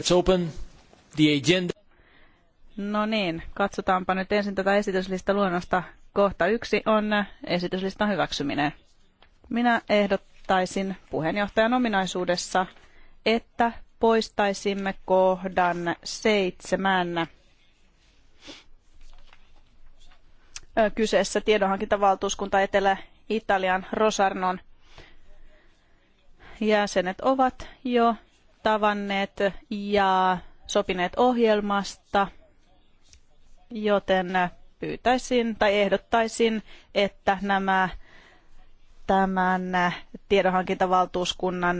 Let's open the agenda. No niin, katsotaanpa nyt ensin tätä luonnosta Kohta yksi on esityslistan hyväksyminen. Minä ehdottaisin puheenjohtajan ominaisuudessa, että poistaisimme kohdan seitsemän. Kyseessä tiedonhankintavaltuuskunta Etelä-Italian Rosarnon jäsenet ovat jo tavanneet ja sopineet ohjelmasta, joten pyytäisin tai ehdottaisin, että nämä tämän tiedonhankintavaltuuskunnan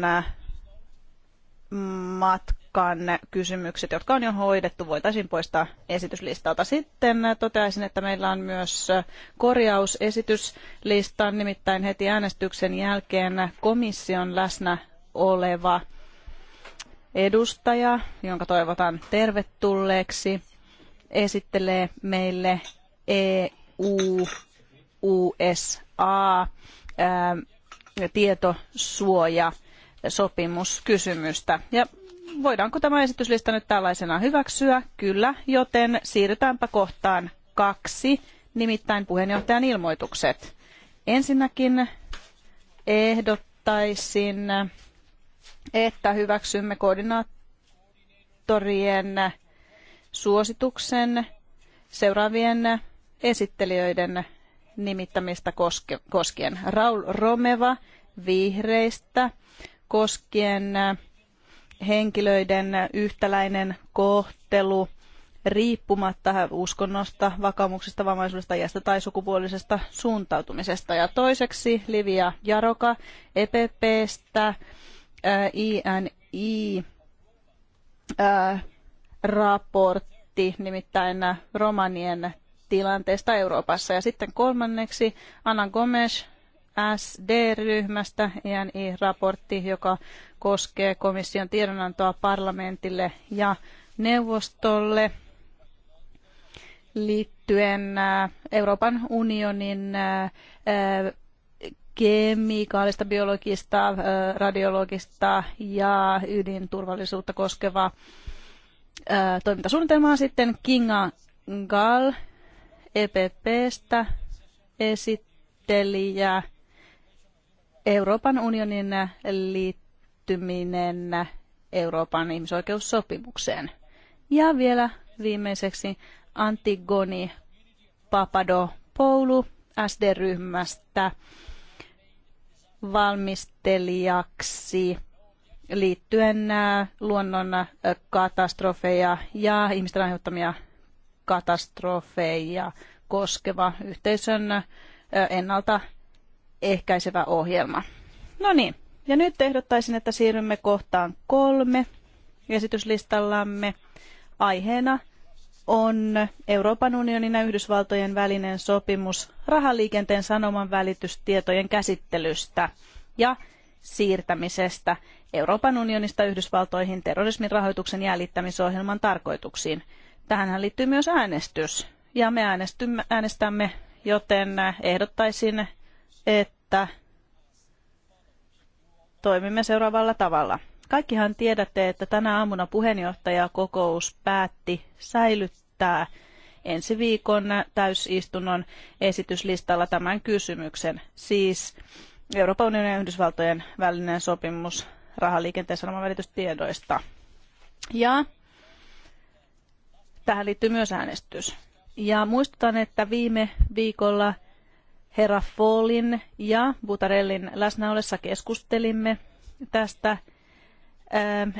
matkan kysymykset, jotka on jo hoidettu, voitaisiin poistaa esityslistalta. Sitten toteaisin, että meillä on myös korjausesityslista nimittäin heti äänestyksen jälkeen komission läsnä oleva edustaja, jonka toivotan tervetulleeksi, esittelee meille EU-USA tietosuoja sopimuskysymystä. Ja voidaanko tämä esityslista nyt tällaisena hyväksyä? Kyllä, joten siirrytäänpä kohtaan kaksi, nimittäin puheenjohtajan ilmoitukset. Ensinnäkin ehdottaisin että hyväksymme koordinaattorien suosituksen seuraavien esittelijöiden nimittämistä koskien Raul Romeva vihreistä, koskien henkilöiden yhtäläinen kohtelu riippumatta uskonnosta, vakaumuksesta, vammaisuudesta, iästä tai sukupuolisesta suuntautumisesta. Ja toiseksi Livia Jaroka EPPstä INI-raportti, äh, nimittäin romanien tilanteesta Euroopassa. Ja sitten kolmanneksi Anna Gomes SD-ryhmästä INI-raportti, joka koskee komission tiedonantoa parlamentille ja neuvostolle liittyen äh, Euroopan unionin äh, kemikaalista, biologista, radiologista ja ydinturvallisuutta koskeva toimintasuunnitelma on sitten Kinga Gal EPPstä esittelijä Euroopan unionin liittyminen Euroopan ihmisoikeussopimukseen. Ja vielä viimeiseksi Antigoni Papadopoulu SD-ryhmästä valmistelijaksi liittyen äh, luonnon äh, katastrofeja ja ihmisten aiheuttamia katastrofeja koskeva yhteisön äh, ennalta ehkäisevä ohjelma. No niin, ja nyt ehdottaisin, että siirrymme kohtaan kolme esityslistallamme aiheena – on Euroopan unionin ja Yhdysvaltojen välinen sopimus rahaliikenteen sanoman välitystietojen käsittelystä ja siirtämisestä Euroopan unionista Yhdysvaltoihin terrorismin rahoituksen jäljittämisohjelman tarkoituksiin. Tähän liittyy myös äänestys ja me äänestämme, joten ehdottaisin, että toimimme seuraavalla tavalla. Kaikkihan tiedätte, että tänä aamuna puheenjohtajakokous päätti säilyttää ensi viikon täysistunnon esityslistalla tämän kysymyksen, siis Euroopan unionin ja Yhdysvaltojen välinen sopimus rahaliikenteen välitystiedoista. Ja tähän liittyy myös äänestys. Ja muistutan, että viime viikolla herra Follin ja Butarellin läsnä ollessa keskustelimme tästä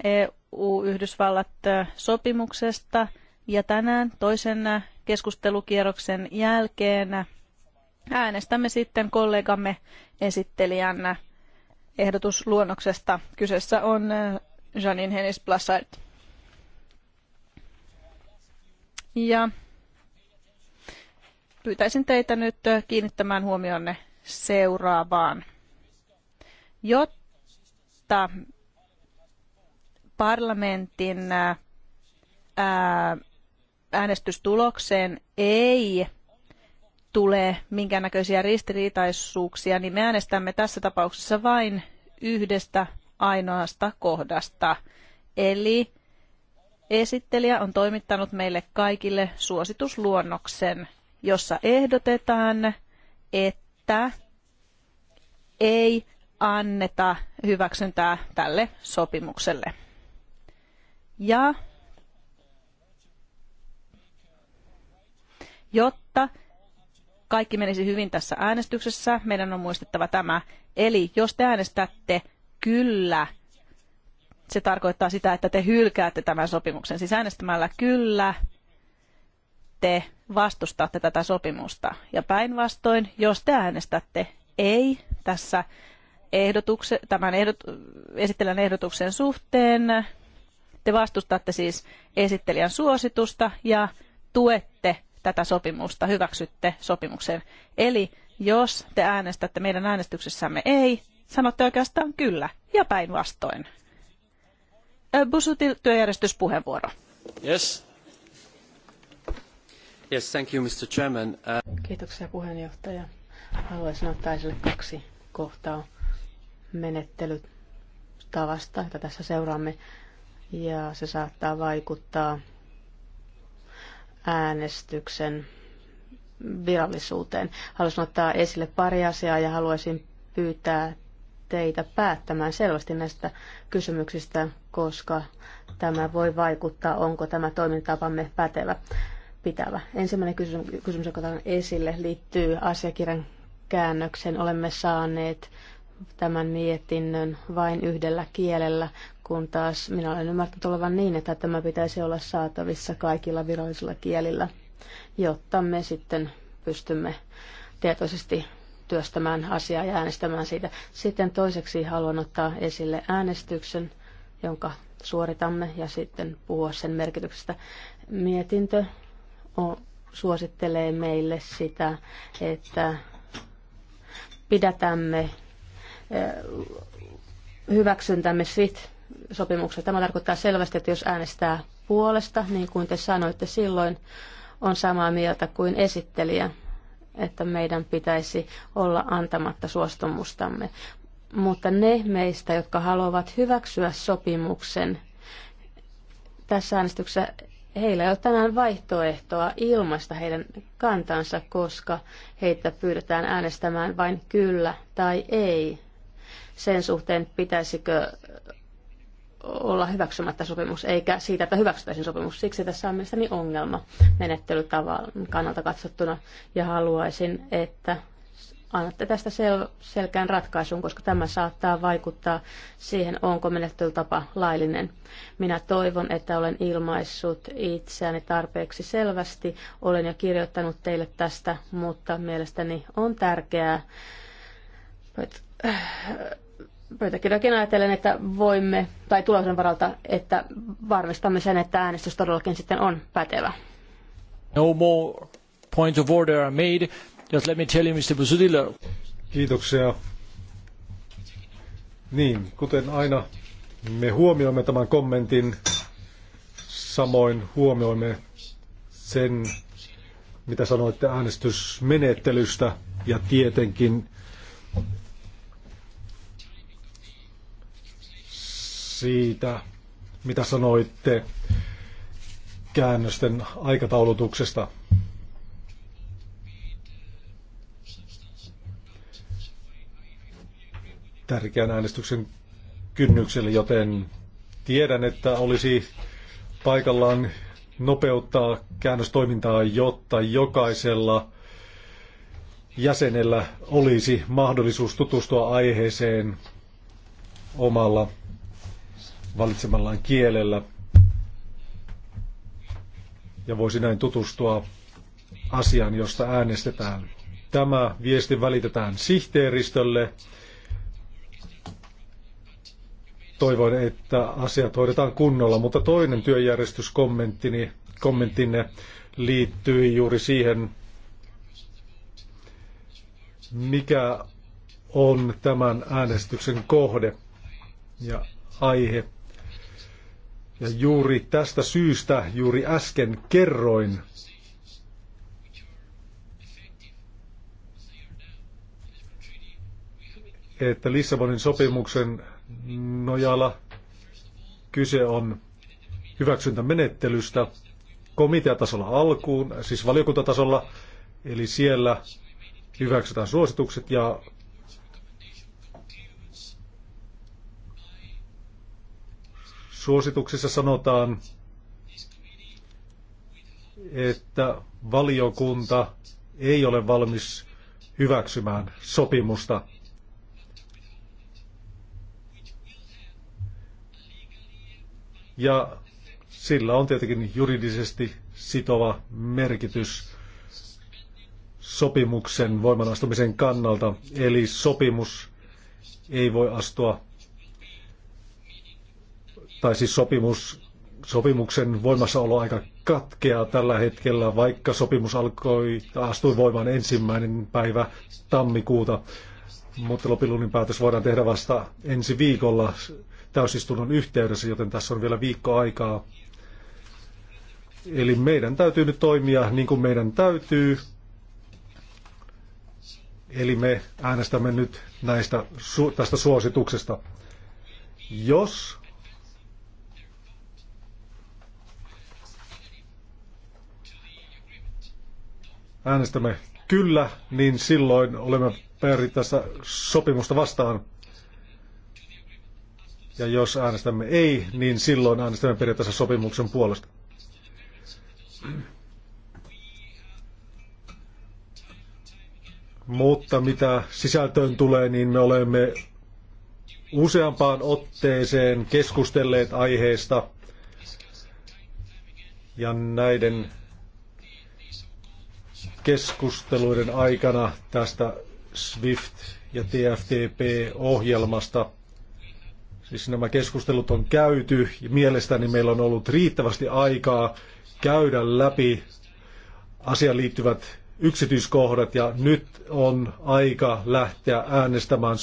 EU-Yhdysvallat-sopimuksesta ja tänään toisen keskustelukierroksen jälkeen äänestämme sitten kollegamme esittelijän ehdotusluonnoksesta. Kyseessä on Janine Hennis Blassard. Ja pyytäisin teitä nyt kiinnittämään huomionne seuraavaan. Jotta parlamentin äänestystulokseen ei tule minkäännäköisiä ristiriitaisuuksia, niin me äänestämme tässä tapauksessa vain yhdestä ainoasta kohdasta. Eli esittelijä on toimittanut meille kaikille suositusluonnoksen, jossa ehdotetaan, että ei anneta hyväksyntää tälle sopimukselle. Ja jotta kaikki menisi hyvin tässä äänestyksessä, meidän on muistettava tämä. Eli jos te äänestätte kyllä, se tarkoittaa sitä, että te hylkäätte tämän sopimuksen. Siis äänestämällä kyllä te vastustatte tätä sopimusta. Ja päinvastoin, jos te äänestätte ei tässä ehdotukse, tämän ehdot, esittelen ehdotuksen suhteen, te vastustatte siis esittelijän suositusta ja tuette tätä sopimusta, hyväksytte sopimuksen. Eli jos te äänestätte meidän äänestyksessämme ei, sanotte oikeastaan kyllä ja päinvastoin. Busutil työjärjestyspuheenvuoro. Yes. Yes, thank you, Mr. Chairman. Uh... Kiitoksia puheenjohtaja. Haluaisin ottaa esille kaksi kohtaa menettelytavasta, jota tässä seuraamme ja se saattaa vaikuttaa äänestyksen virallisuuteen. Haluaisin ottaa esille pari asiaa ja haluaisin pyytää teitä päättämään selvästi näistä kysymyksistä, koska tämä voi vaikuttaa, onko tämä toimintatapamme pätevä, pitävä. Ensimmäinen kysymys, kysymys joka otan esille, liittyy asiakirjan käännöksen. Olemme saaneet tämän mietinnön vain yhdellä kielellä, kun taas minä olen ymmärtänyt olevan niin, että tämä pitäisi olla saatavissa kaikilla virallisilla kielillä, jotta me sitten pystymme tietoisesti työstämään asiaa ja äänestämään siitä. Sitten toiseksi haluan ottaa esille äänestyksen, jonka suoritamme ja sitten puhua sen merkityksestä. Mietintö suosittelee meille sitä, että pidätämme eh, hyväksyntämme sitten, sopimuksessa Tämä tarkoittaa selvästi, että jos äänestää puolesta, niin kuin te sanoitte silloin, on samaa mieltä kuin esittelijä, että meidän pitäisi olla antamatta suostumustamme. Mutta ne meistä, jotka haluavat hyväksyä sopimuksen, tässä äänestyksessä heillä ei ole tänään vaihtoehtoa ilmaista heidän kantansa, koska heitä pyydetään äänestämään vain kyllä tai ei sen suhteen, pitäisikö olla hyväksymättä sopimus, eikä siitä, että hyväksyttäisiin sopimus. Siksi tässä on mielestäni ongelma menettelytavan kannalta katsottuna, ja haluaisin, että annatte tästä sel- selkään ratkaisun, koska tämä saattaa vaikuttaa siihen, onko menettelytapa laillinen. Minä toivon, että olen ilmaissut itseäni tarpeeksi selvästi. Olen jo kirjoittanut teille tästä, mutta mielestäni on tärkeää pöytäkirjakin ajatellen, että voimme, tai tulosen varalta, että varmistamme sen, että äänestys todellakin sitten on pätevä. No more points of order are made. Just let me tell you, Mr. Busutilo. Kiitoksia. Niin, kuten aina, me huomioimme tämän kommentin, samoin huomioimme sen, mitä sanoitte äänestysmenettelystä, ja tietenkin siitä, mitä sanoitte käännösten aikataulutuksesta. Tärkeän äänestyksen kynnykselle, joten tiedän, että olisi paikallaan nopeuttaa käännöstoimintaa, jotta jokaisella jäsenellä olisi mahdollisuus tutustua aiheeseen omalla valitsemallaan kielellä ja voisi näin tutustua asiaan, josta äänestetään. Tämä viesti välitetään sihteeristölle. Toivon, että asiat hoidetaan kunnolla, mutta toinen työjärjestyskommenttini kommenttinne liittyi juuri siihen, mikä on tämän äänestyksen kohde ja aihe. Ja juuri tästä syystä juuri äsken kerroin, että Lissabonin sopimuksen nojalla kyse on hyväksyntämenettelystä komiteatasolla alkuun, siis valiokuntatasolla, eli siellä hyväksytään suositukset ja Suosituksissa sanotaan, että valiokunta ei ole valmis hyväksymään sopimusta. Ja sillä on tietenkin juridisesti sitova merkitys sopimuksen voimanastumisen kannalta, eli sopimus ei voi astua tai siis sopimus, sopimuksen voimassaoloaika katkeaa tällä hetkellä, vaikka sopimus alkoi, astui voimaan ensimmäinen päivä tammikuuta, mutta lopullinen päätös voidaan tehdä vasta ensi viikolla täysistunnon yhteydessä, joten tässä on vielä viikko aikaa. Eli meidän täytyy nyt toimia niin kuin meidän täytyy. Eli me äänestämme nyt näistä, tästä suosituksesta. Jos äänestämme kyllä, niin silloin olemme tässä sopimusta vastaan. Ja jos äänestämme ei, niin silloin äänestämme periaatteessa sopimuksen puolesta. Mutta mitä sisältöön tulee, niin me olemme useampaan otteeseen keskustelleet aiheesta. Ja näiden keskusteluiden aikana tästä SWIFT ja TFTP-ohjelmasta. Siis nämä keskustelut on käyty ja mielestäni meillä on ollut riittävästi aikaa käydä läpi asiaan liittyvät yksityiskohdat ja nyt on aika lähteä äänestämään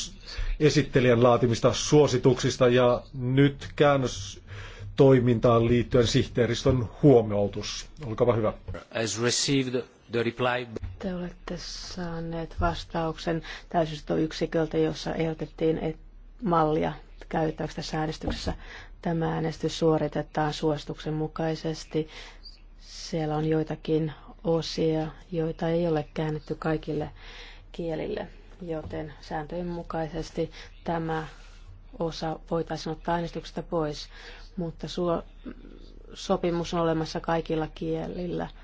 esittelijän laatimista suosituksista ja nyt käännös toimintaan liittyen sihteeristön huomioitus. Olkaa hyvä. As received The reply... Te olette saaneet vastauksen täysistöyksiköltä, jossa ehdotettiin mallia käytettäväksi tässä äänestyksessä. Tämä äänestys suoritetaan suosituksen mukaisesti. Siellä on joitakin osia, joita ei ole käännetty kaikille kielille, joten sääntöjen mukaisesti tämä osa voitaisiin ottaa äänestyksestä pois, mutta suo, sopimus on olemassa kaikilla kielillä –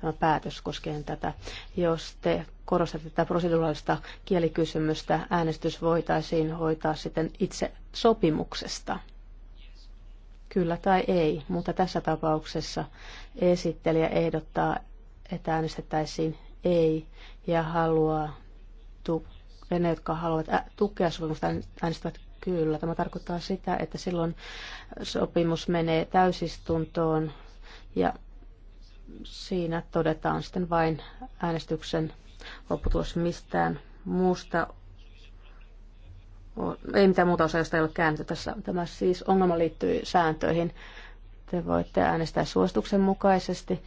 tämä päätös koskien tätä. Jos te korostatte tätä proseduraalista kielikysymystä, äänestys voitaisiin hoitaa sitten itse sopimuksesta. Kyllä tai ei, mutta tässä tapauksessa esittelijä ehdottaa, että äänestettäisiin ei ja haluaa tu- ne, jotka haluavat tukea sopimusta, äänestävät kyllä. Tämä tarkoittaa sitä, että silloin sopimus menee täysistuntoon ja siinä todetaan sitten vain äänestyksen lopputulos mistään muusta. Ei mitään muuta osaa, josta ei ole käännetty tässä. Tämä siis ongelma liittyy sääntöihin. Te voitte äänestää suosituksen mukaisesti.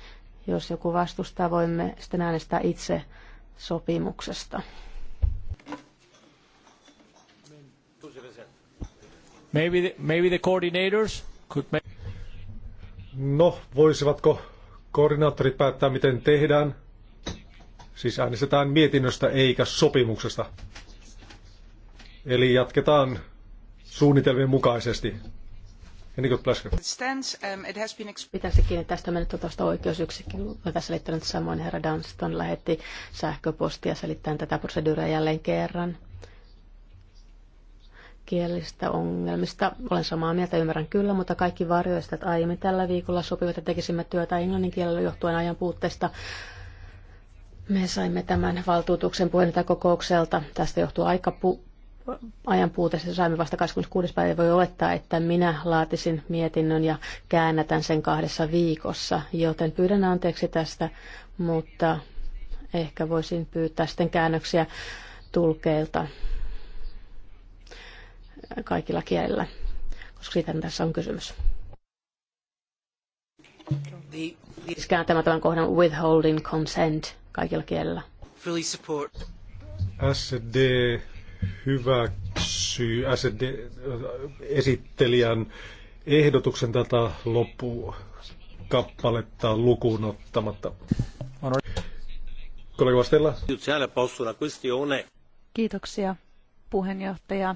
Jos joku vastustaa, voimme sitten äänestää itse sopimuksesta. Maybe the, maybe the coordinators could make... No, voisivatko Koordinaattorit päättää, miten tehdään. Siis äänestetään mietinnöstä eikä sopimuksesta. Eli jatketaan suunnitelmien mukaisesti. Um, Pitäisi kiinni tästä tuosta oikeusyksikin. Olen selittänyt samoin herra Dunston lähetti sähköpostia selittäen tätä proseduuria jälleen kerran kielistä ongelmista. Olen samaa mieltä, ymmärrän kyllä, mutta kaikki että aiemmin tällä viikolla sopivat, että tekisimme työtä englannin kielellä johtuen ajan puutteesta. Me saimme tämän valtuutuksen kokoukselta. Tästä johtuu aika pu- ajan puutteessa Saimme vasta 26. päivä. Voi olettaa, että minä laatisin mietinnön ja käännätän sen kahdessa viikossa, joten pyydän anteeksi tästä, mutta ehkä voisin pyytää sitten käännöksiä tulkeilta kaikilla kielillä, koska siitä tässä on kysymys. Siis tämä tämän kohdan withholding consent kaikilla kielillä. Fully support. SD hyväksyy SD, äh, esittelijän ehdotuksen tätä loppukappaletta lukuun ottamatta. Kollega Vastella. Kiitoksia puheenjohtaja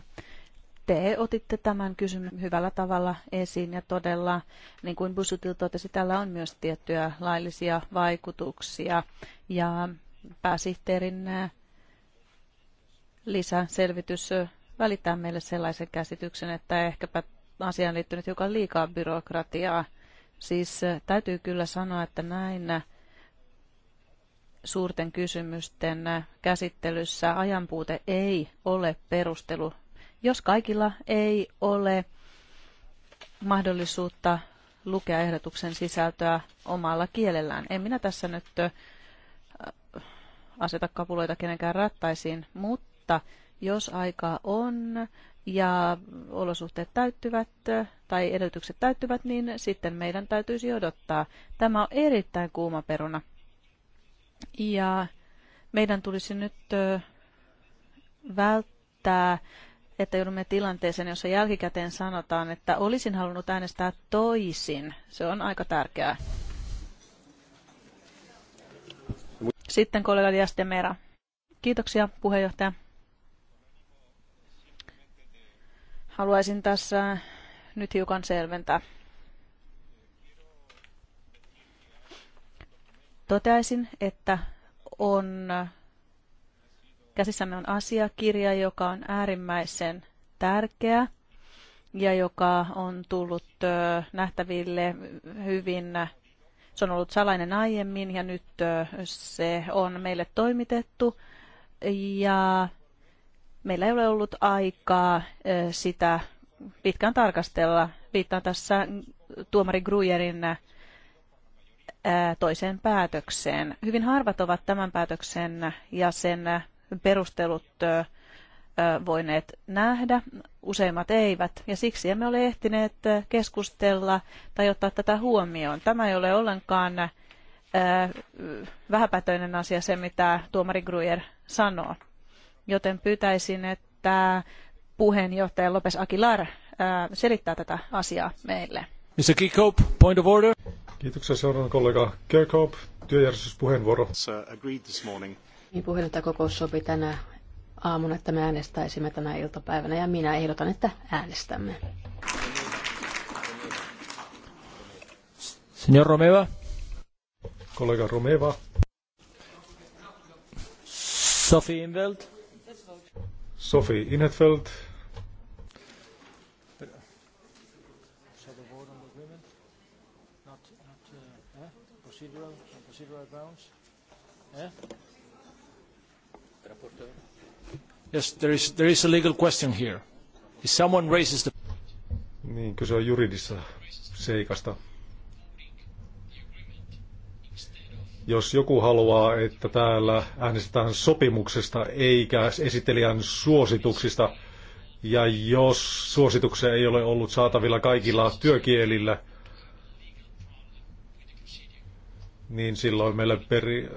te otitte tämän kysymyksen hyvällä tavalla esiin ja todella, niin kuin Busutil totesi, tällä on myös tiettyjä laillisia vaikutuksia ja pääsihteerin äh, lisäselvitys äh, välittää meille sellaisen käsityksen, että ehkäpä asiaan liittynyt joka liikaa byrokratiaa. Siis äh, täytyy kyllä sanoa, että näin suurten kysymysten käsittelyssä ajanpuute ei ole perustelu jos kaikilla ei ole mahdollisuutta lukea ehdotuksen sisältöä omalla kielellään, en minä tässä nyt aseta kapuloita kenenkään rattaisiin, mutta jos aikaa on ja olosuhteet täyttyvät tai edellytykset täyttyvät, niin sitten meidän täytyisi odottaa. Tämä on erittäin kuuma peruna. Ja meidän tulisi nyt välttää että joudumme tilanteeseen, jossa jälkikäteen sanotaan, että olisin halunnut äänestää toisin. Se on aika tärkeää. Sitten kollega Dias Mera. Kiitoksia puheenjohtaja. Haluaisin tässä nyt hiukan selventää. Toteaisin, että on Käsissämme on asiakirja, joka on äärimmäisen tärkeä ja joka on tullut nähtäville hyvin. Se on ollut salainen aiemmin ja nyt se on meille toimitettu ja meillä ei ole ollut aikaa sitä pitkään tarkastella. Viittaan tässä tuomari Grujerin toiseen päätökseen. Hyvin harvat ovat tämän päätöksen ja sen perustelut voineet nähdä, useimmat eivät, ja siksi emme ole ehtineet keskustella tai ottaa tätä huomioon. Tämä ei ole ollenkaan vähäpätöinen asia se, mitä tuomari Gruyer sanoo. Joten pyytäisin, että puheenjohtaja Lopes Aguilar selittää tätä asiaa meille. Mr. Kikop, point of order. Kiitoksia seuraavan kollega Kirkhope, työjärjestyspuheenvuoro. Sir, agreed this morning. Niin puheenjohtajakokous sopi tänä aamuna, että me äänestäisimme tänä iltapäivänä ja minä ehdotan, että äänestämme. Señor Romeva. Kollega Romeva. Sophie Inveld. Sophie Inetveld. Yeah. Yes, there is, there is a legal question here. If someone raises the... Niin, kyse on juridissa seikasta. Jos joku haluaa, että täällä äänestetään sopimuksesta eikä esittelijän suosituksista, ja jos suosituksia ei ole ollut saatavilla kaikilla työkielillä, niin silloin meillä peri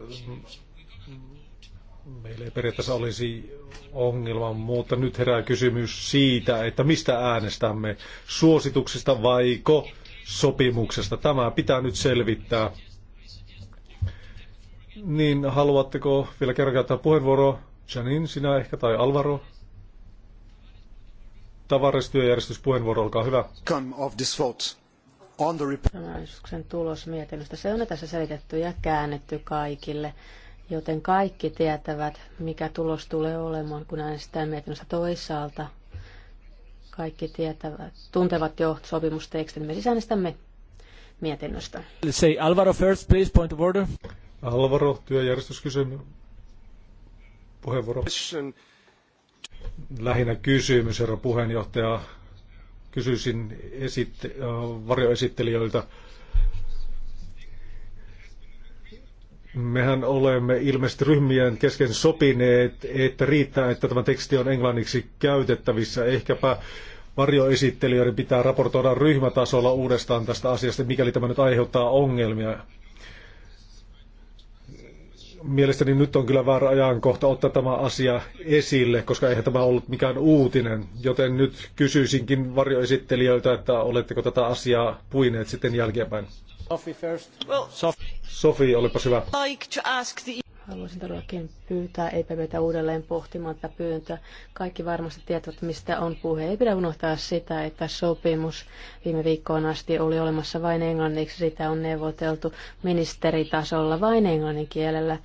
meillä ei periaatteessa olisi ongelma, mutta nyt herää kysymys siitä, että mistä äänestämme, suosituksista vaiko sopimuksesta. Tämä pitää nyt selvittää. Niin, haluatteko vielä kerran käyttää puheenvuoroa? Janin, sinä ehkä, tai Alvaro? Tavaristyöjärjestyspuheenvuoro, olkaa hyvä. Come of this vote. On the tulos mietinnöstä. Se on tässä selitetty ja käännetty kaikille joten kaikki tietävät, mikä tulos tulee olemaan, kun äänestetään mietinnöstä toisaalta. Kaikki tietävät, tuntevat jo sopimustekstin, me siis äänestämme mietinnöstä. Say Alvaro first, please, point of order. Alvaro, työjärjestyskysymys. Puheenvuoro. Lähinnä kysymys, herra puheenjohtaja. Kysyisin esitte- äh, varjoesittelijöiltä Mehän olemme ilmeisesti ryhmien kesken sopineet, että riittää, että tämä teksti on englanniksi käytettävissä. Ehkäpä varjoesittelijöiden pitää raportoida ryhmätasolla uudestaan tästä asiasta, mikäli tämä nyt aiheuttaa ongelmia. Mielestäni nyt on kyllä väärä ajankohta ottaa tämä asia esille, koska eihän tämä ollut mikään uutinen. Joten nyt kysyisinkin varjoesittelijöiltä, että oletteko tätä asiaa puineet sitten jälkeenpäin. Sophie first. Well, Sophie. Sophie, hyvä. Like to ask the... Haluaisin todellakin pyytää EPVtä uudelleen pohtimaan tätä pyyntöä. Kaikki varmasti tietävät, mistä on puhe. Ei pidä unohtaa sitä, että sopimus viime viikkoon asti oli olemassa vain englanniksi. Sitä on neuvoteltu ministeritasolla vain englannin kielellä.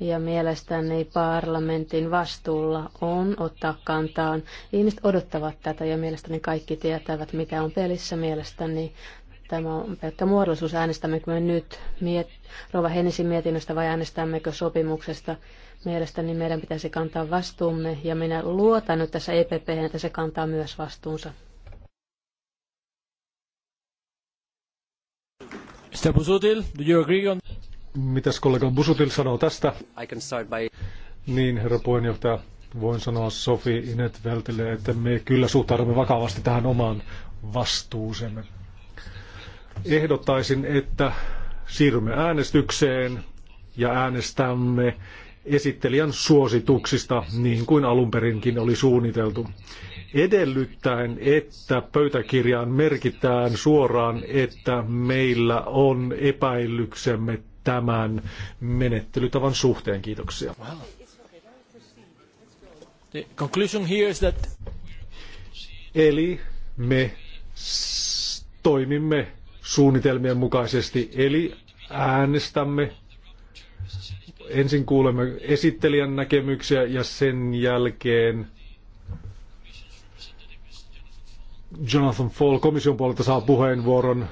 Ja mielestäni parlamentin vastuulla on ottaa kantaan. Ihmiset odottavat tätä ja mielestäni kaikki tietävät, mikä on pelissä. Mielestäni Tämä on pelkkä muodollisuus. Äänestämmekö me nyt miet- Rova Hennisin mietinnöstä vai äänestämmekö sopimuksesta? Mielestäni meidän pitäisi kantaa vastuumme ja minä luotan nyt tässä EPP, että se kantaa myös vastuunsa. Mr. Busutil, do you agree on... Mitäs kollega Busutil sanoo tästä? I can start by... Niin, herra puheenjohtaja, voin sanoa Sofi Inetveltille, että me kyllä suhtaudumme vakavasti tähän omaan vastuusemme ehdottaisin, että siirrymme äänestykseen ja äänestämme esittelijän suosituksista, niin kuin alun perinkin oli suunniteltu. Edellyttäen, että pöytäkirjaan merkitään suoraan, että meillä on epäilyksemme tämän menettelytavan suhteen. Kiitoksia. Eli me toimimme suunnitelmien mukaisesti. Eli äänestämme. Ensin kuulemme esittelijän näkemyksiä ja sen jälkeen Jonathan Fall komission puolelta saa puheenvuoron.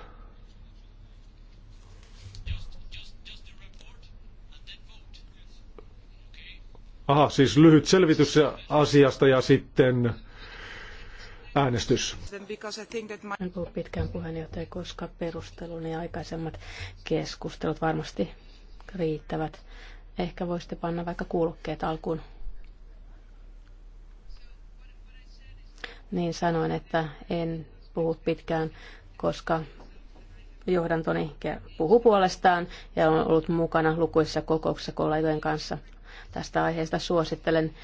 Aha, siis lyhyt selvitys asiasta ja sitten äänestys. En puhu pitkään puheenjohtaja, koska perusteluni aikaisemmat keskustelut varmasti riittävät. Ehkä voisitte panna vaikka kuulokkeet alkuun. Niin sanoin, että en puhu pitkään, koska johdantoni puhuu puolestaan ja on ollut mukana lukuisissa kokouksissa kollegojen kanssa tästä aiheesta. Suosittelen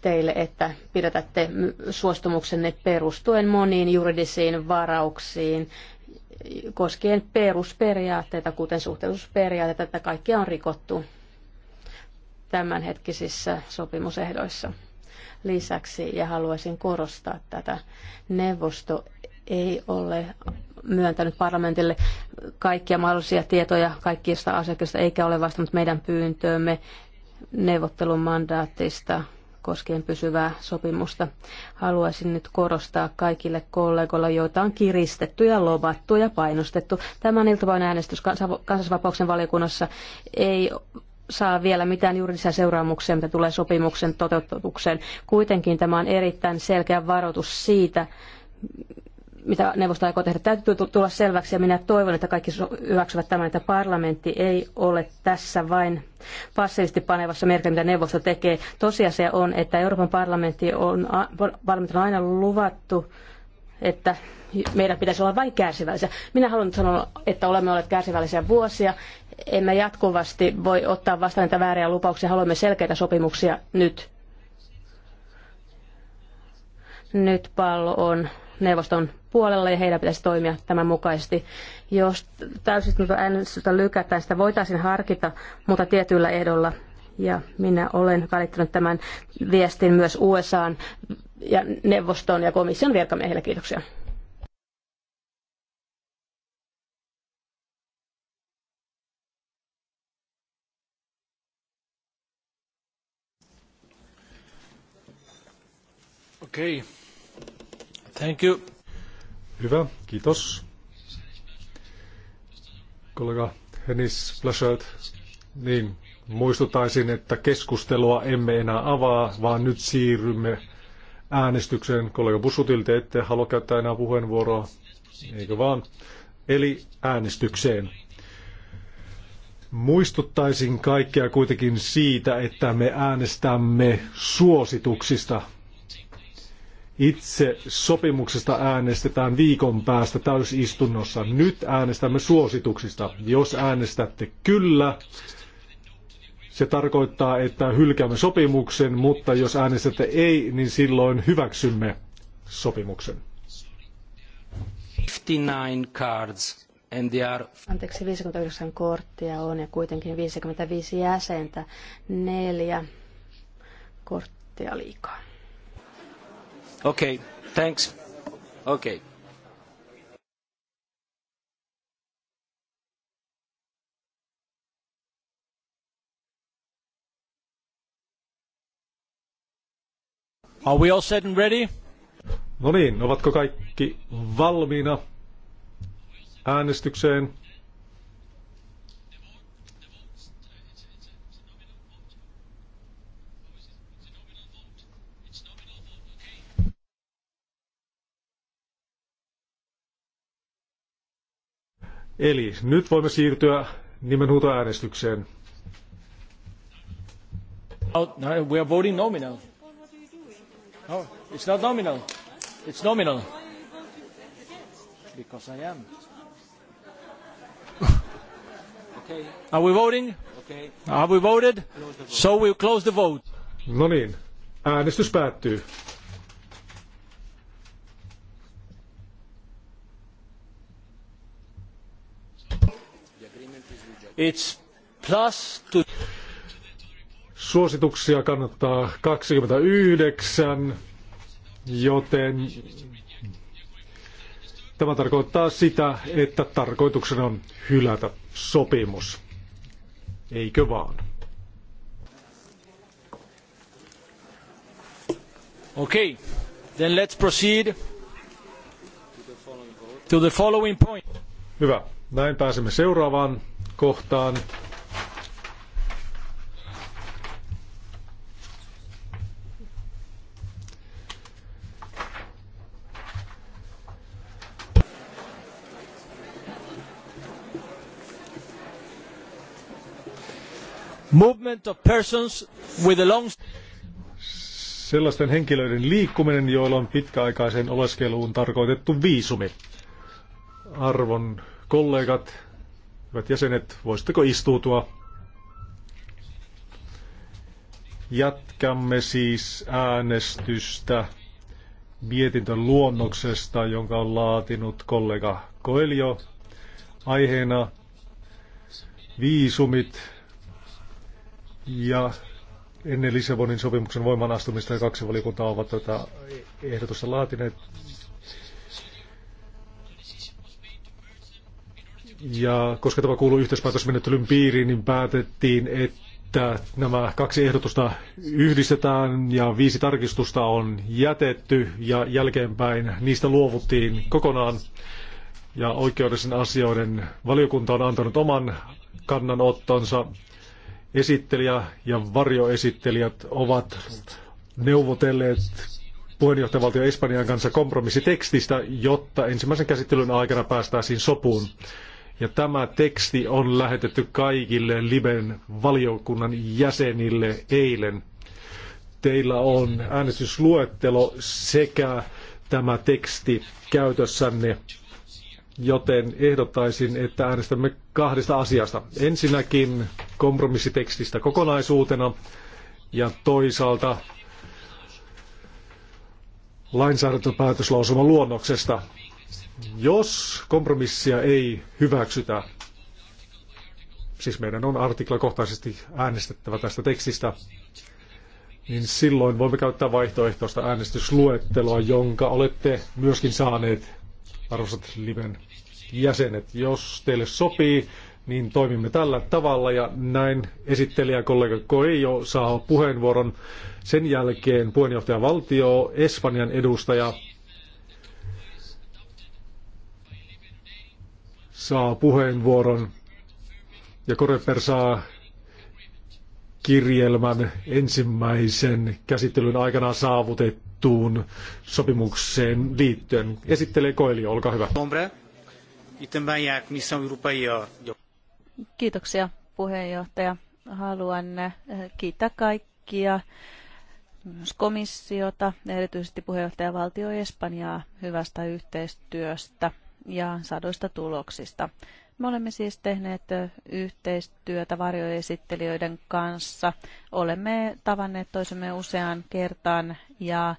teille, että pidätätte suostumuksenne perustuen moniin juridisiin varauksiin koskien perusperiaatteita, kuten suhteellisuusperiaatteita, että kaikkia on rikottu tämänhetkisissä sopimusehdoissa. Lisäksi, ja haluaisin korostaa tätä, neuvosto ei ole myöntänyt parlamentille kaikkia mahdollisia tietoja kaikista asiakirjoista, eikä ole vastannut meidän pyyntöömme neuvottelun koskien pysyvää sopimusta. Haluaisin nyt korostaa kaikille kollegoille, joita on kiristetty ja lobattu ja painostettu. Tämän iltapäivän äänestys kansallisvapauksen valiokunnassa ei saa vielä mitään juridisia seuraamuksia, mitä tulee sopimuksen toteutukseen. Kuitenkin tämä on erittäin selkeä varoitus siitä, mitä neuvosto aikoo tehdä, täytyy tulla selväksi ja minä toivon, että kaikki hyväksyvät tämän, että parlamentti ei ole tässä vain passiivisesti panevassa merkillä, mitä neuvosto tekee. Tosiasia on, että Euroopan parlamentti on, parlamentti on aina luvattu, että meidän pitäisi olla vain kärsivällisiä. Minä haluan sanoa, että olemme olleet kärsivällisiä vuosia. Emme jatkuvasti voi ottaa vastaan näitä vääriä lupauksia. Haluamme selkeitä sopimuksia nyt. Nyt pallo on neuvoston puolella ja heidän pitäisi toimia tämän mukaisesti. Jos täysistunto äänestystä lykätään, sitä voitaisiin harkita, mutta tietyillä ehdolla. Ja minä olen välittänyt tämän viestin myös USAan ja neuvoston ja komission virkamiehille. Kiitoksia. Okei. Okay. Thank you. Hyvä, kiitos. Kollega Henis Flashert, niin muistuttaisin, että keskustelua emme enää avaa, vaan nyt siirrymme äänestykseen. Kollega te ette halua käyttää enää puheenvuoroa, eikö vaan? Eli äänestykseen. Muistuttaisin kaikkia kuitenkin siitä, että me äänestämme suosituksista. Itse sopimuksesta äänestetään viikon päästä täysistunnossa. Nyt äänestämme suosituksista. Jos äänestätte kyllä, se tarkoittaa, että hylkäämme sopimuksen, mutta jos äänestätte ei, niin silloin hyväksymme sopimuksen. 59 cards and they are... Anteeksi, 59 korttia on ja kuitenkin 55 jäsentä, neljä korttia liikaa. Okay, thanks. Okay. Are we all set and ready? No niin, ovatko kaikki valmiina äänestykseen? Eli nyt voimme siirtyä nimenhuutoäänestykseen. No, we are voting nominal. No, it's not nominal. It's nominal. Because I am. okay. Are we voting? Okay. Are we voted? So we close the vote. No niin. Äänestys päättyy. Suosituksia kannattaa 29, joten tämä tarkoittaa sitä, että tarkoituksena on hylätä sopimus. Eikö vaan? Okay, then let's proceed to the following point. Hyvä. Näin pääsemme seuraavaan kohtaan. Movement of persons with a long... Sellaisten henkilöiden liikkuminen, joilla on pitkäaikaiseen oleskeluun tarkoitettu viisumi. Arvon kollegat, Hyvät jäsenet, voisitteko istuutua? Jatkamme siis äänestystä mietintön luonnoksesta, jonka on laatinut kollega Koelio. Aiheena viisumit ja ennen Lissabonin sopimuksen voimaan astumista ja kaksi valiokuntaa ovat tätä ehdotusta laatineet. Ja koska tämä kuuluu yhteispäätösmenettelyn piiriin, niin päätettiin, että nämä kaksi ehdotusta yhdistetään ja viisi tarkistusta on jätetty ja jälkeenpäin niistä luovuttiin kokonaan. Ja oikeudellisen asioiden valiokunta on antanut oman kannanottonsa. Esittelijä ja varjoesittelijät ovat neuvotelleet puheenjohtajavaltio Espanjan kanssa kompromissitekstistä, jotta ensimmäisen käsittelyn aikana päästäisiin sopuun. Ja tämä teksti on lähetetty kaikille Liben valiokunnan jäsenille eilen. Teillä on äänestysluettelo sekä tämä teksti käytössänne, joten ehdottaisin, että äänestämme kahdesta asiasta. Ensinnäkin kompromissitekstistä kokonaisuutena ja toisaalta lainsäädäntöpäätöslausuman luonnoksesta. Jos kompromissia ei hyväksytä, siis meidän on artiklakohtaisesti äänestettävä tästä tekstistä, niin silloin voimme käyttää vaihtoehtoista äänestysluetteloa, jonka olette myöskin saaneet, arvoisat liven jäsenet. Jos teille sopii, niin toimimme tällä tavalla ja näin esittelijäkollega Koijo saa puheenvuoron. Sen jälkeen puheenjohtaja valtio, Espanjan edustaja saa puheenvuoron ja Koreper saa kirjelmän ensimmäisen käsittelyn aikana saavutettuun sopimukseen liittyen. Esittelee Koeli, olkaa hyvä. Kiitoksia puheenjohtaja. Haluan eh, kiittää kaikkia myös komissiota, erityisesti puheenjohtaja valtio Espanjaa hyvästä yhteistyöstä ja sadoista tuloksista. Me olemme siis tehneet yhteistyötä varjoesittelijöiden kanssa. Olemme tavanneet toisemme useaan kertaan ja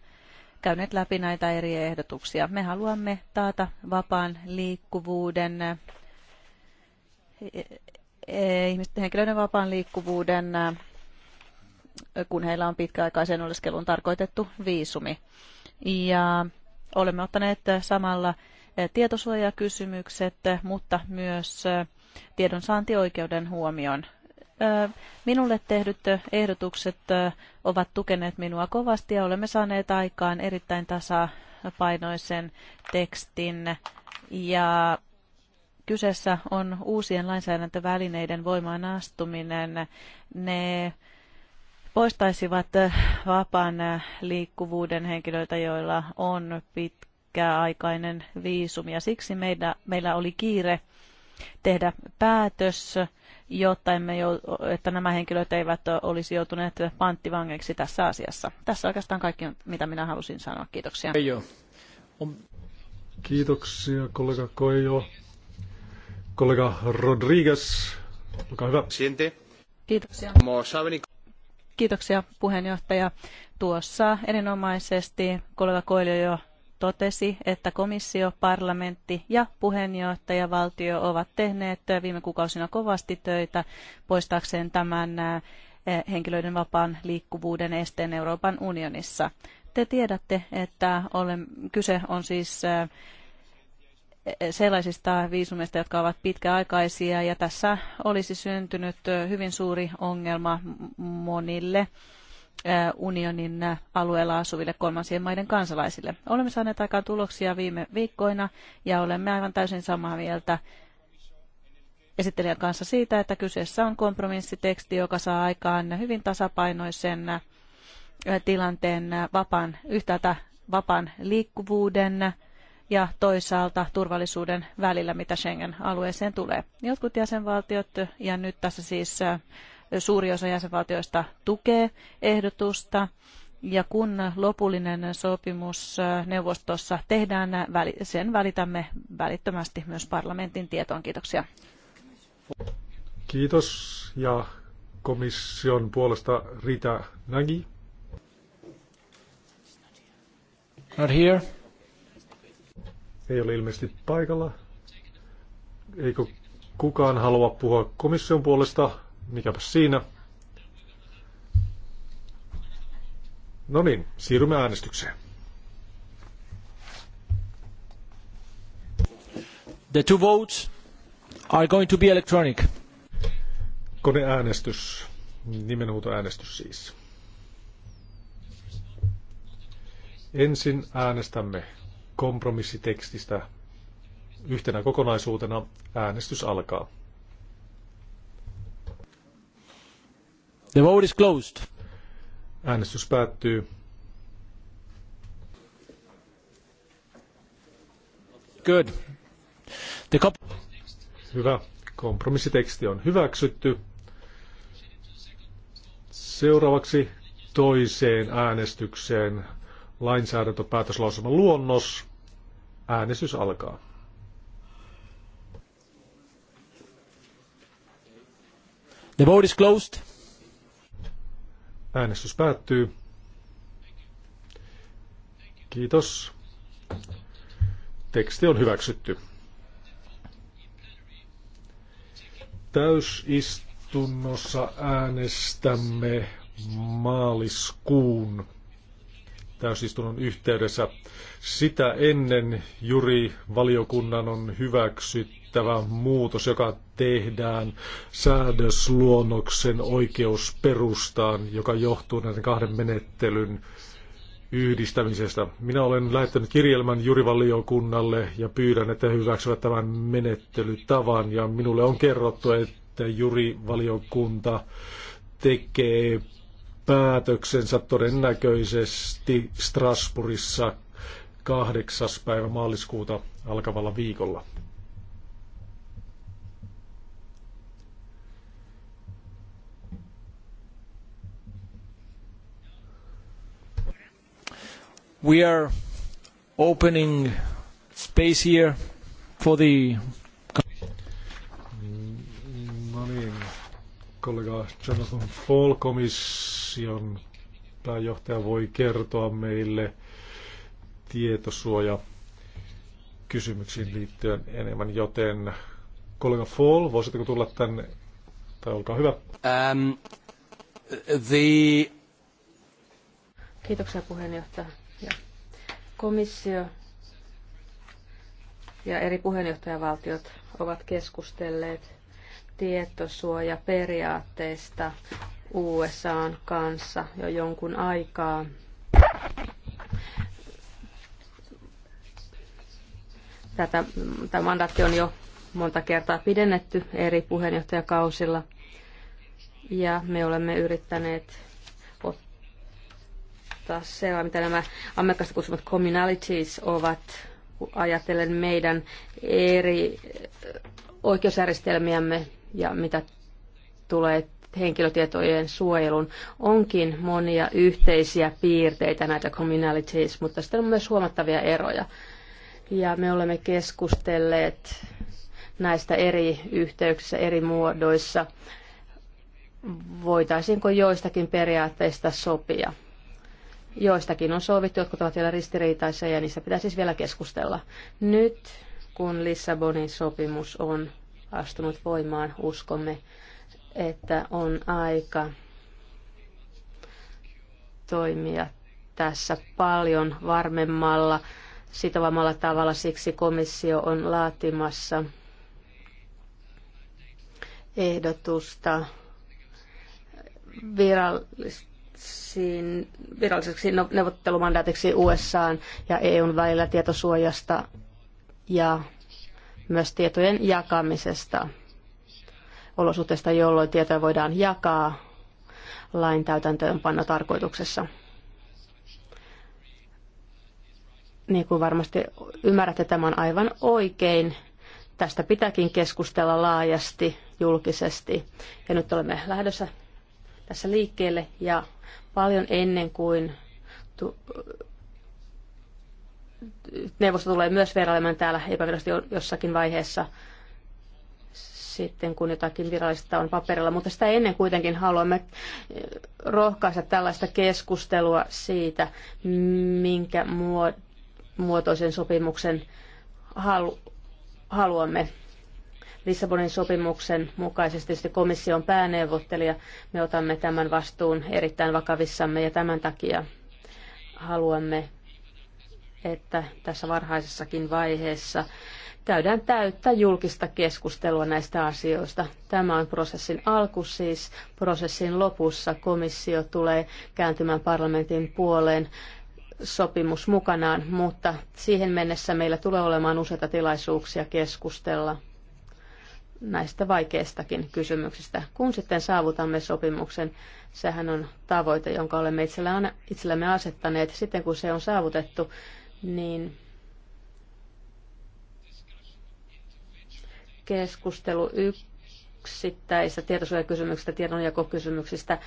käyneet läpi näitä eri ehdotuksia. Me haluamme taata vapaan liikkuvuuden, e, ihmisten henkilöiden vapaan liikkuvuuden, kun heillä on pitkäaikaisen oleskeluun tarkoitettu viisumi. Ja olemme ottaneet samalla tietosuojakysymykset, mutta myös tiedonsaantioikeuden huomioon. Minulle tehdyt ehdotukset ovat tukeneet minua kovasti ja olemme saaneet aikaan erittäin tasapainoisen tekstin. Ja kyseessä on uusien lainsäädäntövälineiden voimaan astuminen. Ne poistaisivat vapaan liikkuvuuden henkilöitä, joilla on pitkä pitkäaikainen viisumi ja siksi meillä, meillä oli kiire tehdä päätös, jotta emme jo, että nämä henkilöt eivät olisi joutuneet panttivangeiksi tässä asiassa. Tässä oikeastaan kaikki, mitä minä halusin sanoa. Kiitoksia. Kiitoksia kollega Koijo. Kollega Rodriguez, olkaa hyvä. Kiitoksia. Kiitoksia puheenjohtaja. Tuossa erinomaisesti kollega Koilio jo totesi, että komissio, parlamentti ja puheenjohtajavaltio ovat tehneet viime kuukausina kovasti töitä poistaakseen tämän henkilöiden vapaan liikkuvuuden esteen Euroopan unionissa. Te tiedätte, että olen, kyse on siis sellaisista viisumista, jotka ovat pitkäaikaisia ja tässä olisi syntynyt hyvin suuri ongelma monille unionin alueella asuville kolmansien maiden kansalaisille. Olemme saaneet aikaan tuloksia viime viikkoina ja olemme aivan täysin samaa mieltä esittelijän kanssa siitä, että kyseessä on kompromissiteksti, joka saa aikaan hyvin tasapainoisen tilanteen vapaan, yhtäältä vapaan liikkuvuuden ja toisaalta turvallisuuden välillä, mitä Schengen-alueeseen tulee. Jotkut jäsenvaltiot, ja nyt tässä siis Suuri osa jäsenvaltioista tukee ehdotusta. Ja kun lopullinen sopimus neuvostossa tehdään, sen välitämme välittömästi myös parlamentin tietoon. Kiitoksia. Kiitos ja komission puolesta Rita Nagy. Not here. Ei ole ilmeisesti paikalla. Eikö kukaan halua puhua komission puolesta? mikäpä siinä. No niin, siirrymme äänestykseen. The two votes are going to be electronic. Koneäänestys, nimenhuutoäänestys siis. Ensin äänestämme kompromissitekstistä yhtenä kokonaisuutena. Äänestys alkaa. The vote is closed. Äänestys päättyy. Good. The comp- Hyvä. Kompromissiteksti on hyväksytty. Seuraavaksi toiseen äänestykseen lainsäädäntöpäätöslausuman luonnos. Äänestys alkaa. The vote is closed. Äänestys päättyy. Kiitos. Teksti on hyväksytty. Täysistunnossa äänestämme maaliskuun täysistunnon yhteydessä. Sitä ennen juri valiokunnan on hyväksytty merkittävä muutos, joka tehdään säädösluonnoksen oikeusperustaan, joka johtuu näiden kahden menettelyn yhdistämisestä. Minä olen lähettänyt kirjelmän jurivaliokunnalle ja pyydän, että he hyväksyvät tämän menettelytavan. Ja minulle on kerrottu, että jurivaliokunta tekee päätöksensä todennäköisesti Strasbourgissa 8. päivä maaliskuuta alkavalla viikolla. we are opening space here for the mm, no niin, kollega Jonathan Fall, komission pääjohtaja, voi kertoa meille tietosuoja kysymyksiin liittyen enemmän, joten kollega Fall, voisitteko tulla tänne, tai olkaa hyvä. Um, the... Kiitoksia puheenjohtaja ja komissio ja eri puheenjohtajavaltiot ovat keskustelleet tietosuojaperiaatteista USAn kanssa jo jonkun aikaa. Tätä, tämä mandaatti on jo monta kertaa pidennetty eri puheenjohtajakausilla ja me olemme yrittäneet taas se, mitä nämä amerikasta kutsumat communalities ovat, ajatellen meidän eri eh, oikeusjärjestelmiämme ja mitä tulee henkilötietojen suojelun onkin monia yhteisiä piirteitä näitä communalities, mutta sitten on myös huomattavia eroja. Ja me olemme keskustelleet näistä eri yhteyksissä, eri muodoissa. Voitaisiinko joistakin periaatteista sopia? Joistakin on sovittu, jotkut ovat vielä ristiriitaisia ja niistä pitää siis vielä keskustella. Nyt kun Lissabonin sopimus on astunut voimaan, uskomme, että on aika toimia tässä paljon varmemmalla, sitovammalla tavalla. Siksi komissio on laatimassa ehdotusta virallista siin viralliseksi neuvottelumandaatiksi USAan ja EUn välillä tietosuojasta ja myös tietojen jakamisesta olosuhteista, jolloin tietoja voidaan jakaa lain täytäntöönpanno tarkoituksessa. Niin kuin varmasti ymmärrätte, tämä on aivan oikein. Tästä pitääkin keskustella laajasti, julkisesti. Ja nyt olemme lähdössä tässä liikkeelle ja paljon ennen kuin tu- neuvosto tulee myös vierailemaan täällä epävirallisesti jossakin vaiheessa sitten, kun jotakin virallista on paperilla. Mutta sitä ennen kuitenkin haluamme eh, rohkaista tällaista keskustelua siitä, minkä muotoisen sopimuksen haluamme Lissabonin sopimuksen mukaisesti tietysti komissio on pääneuvottelija. Me otamme tämän vastuun erittäin vakavissamme ja tämän takia haluamme, että tässä varhaisessakin vaiheessa käydään täyttä julkista keskustelua näistä asioista. Tämä on prosessin alku siis. Prosessin lopussa komissio tulee kääntymään parlamentin puoleen sopimus mukanaan, mutta siihen mennessä meillä tulee olemaan useita tilaisuuksia keskustella näistä vaikeistakin kysymyksistä. Kun sitten saavutamme sopimuksen, sehän on tavoite, jonka olemme itsellämme asettaneet. Sitten kun se on saavutettu, niin keskustelu yksittäisistä tietosuojakysymyksistä, tiedonjakokysymyksistä,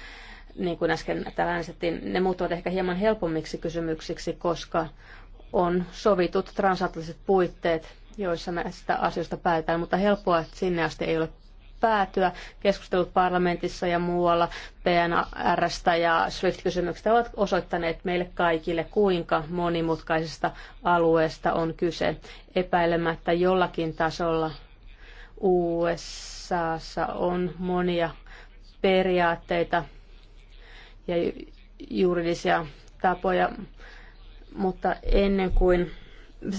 niin kuin äsken täällä äänestettiin, ne muuttuvat ehkä hieman helpommiksi kysymyksiksi, koska on sovitut transatlantiset puitteet, joissa näistä asioista päätetään, mutta helppoa, että sinne asti ei ole päätyä. Keskustelut parlamentissa ja muualla PNRstä ja SWIFT-kysymyksistä ovat osoittaneet meille kaikille, kuinka monimutkaisesta alueesta on kyse. Epäilemättä jollakin tasolla USAssa on monia periaatteita ja juridisia tapoja, mutta ennen kuin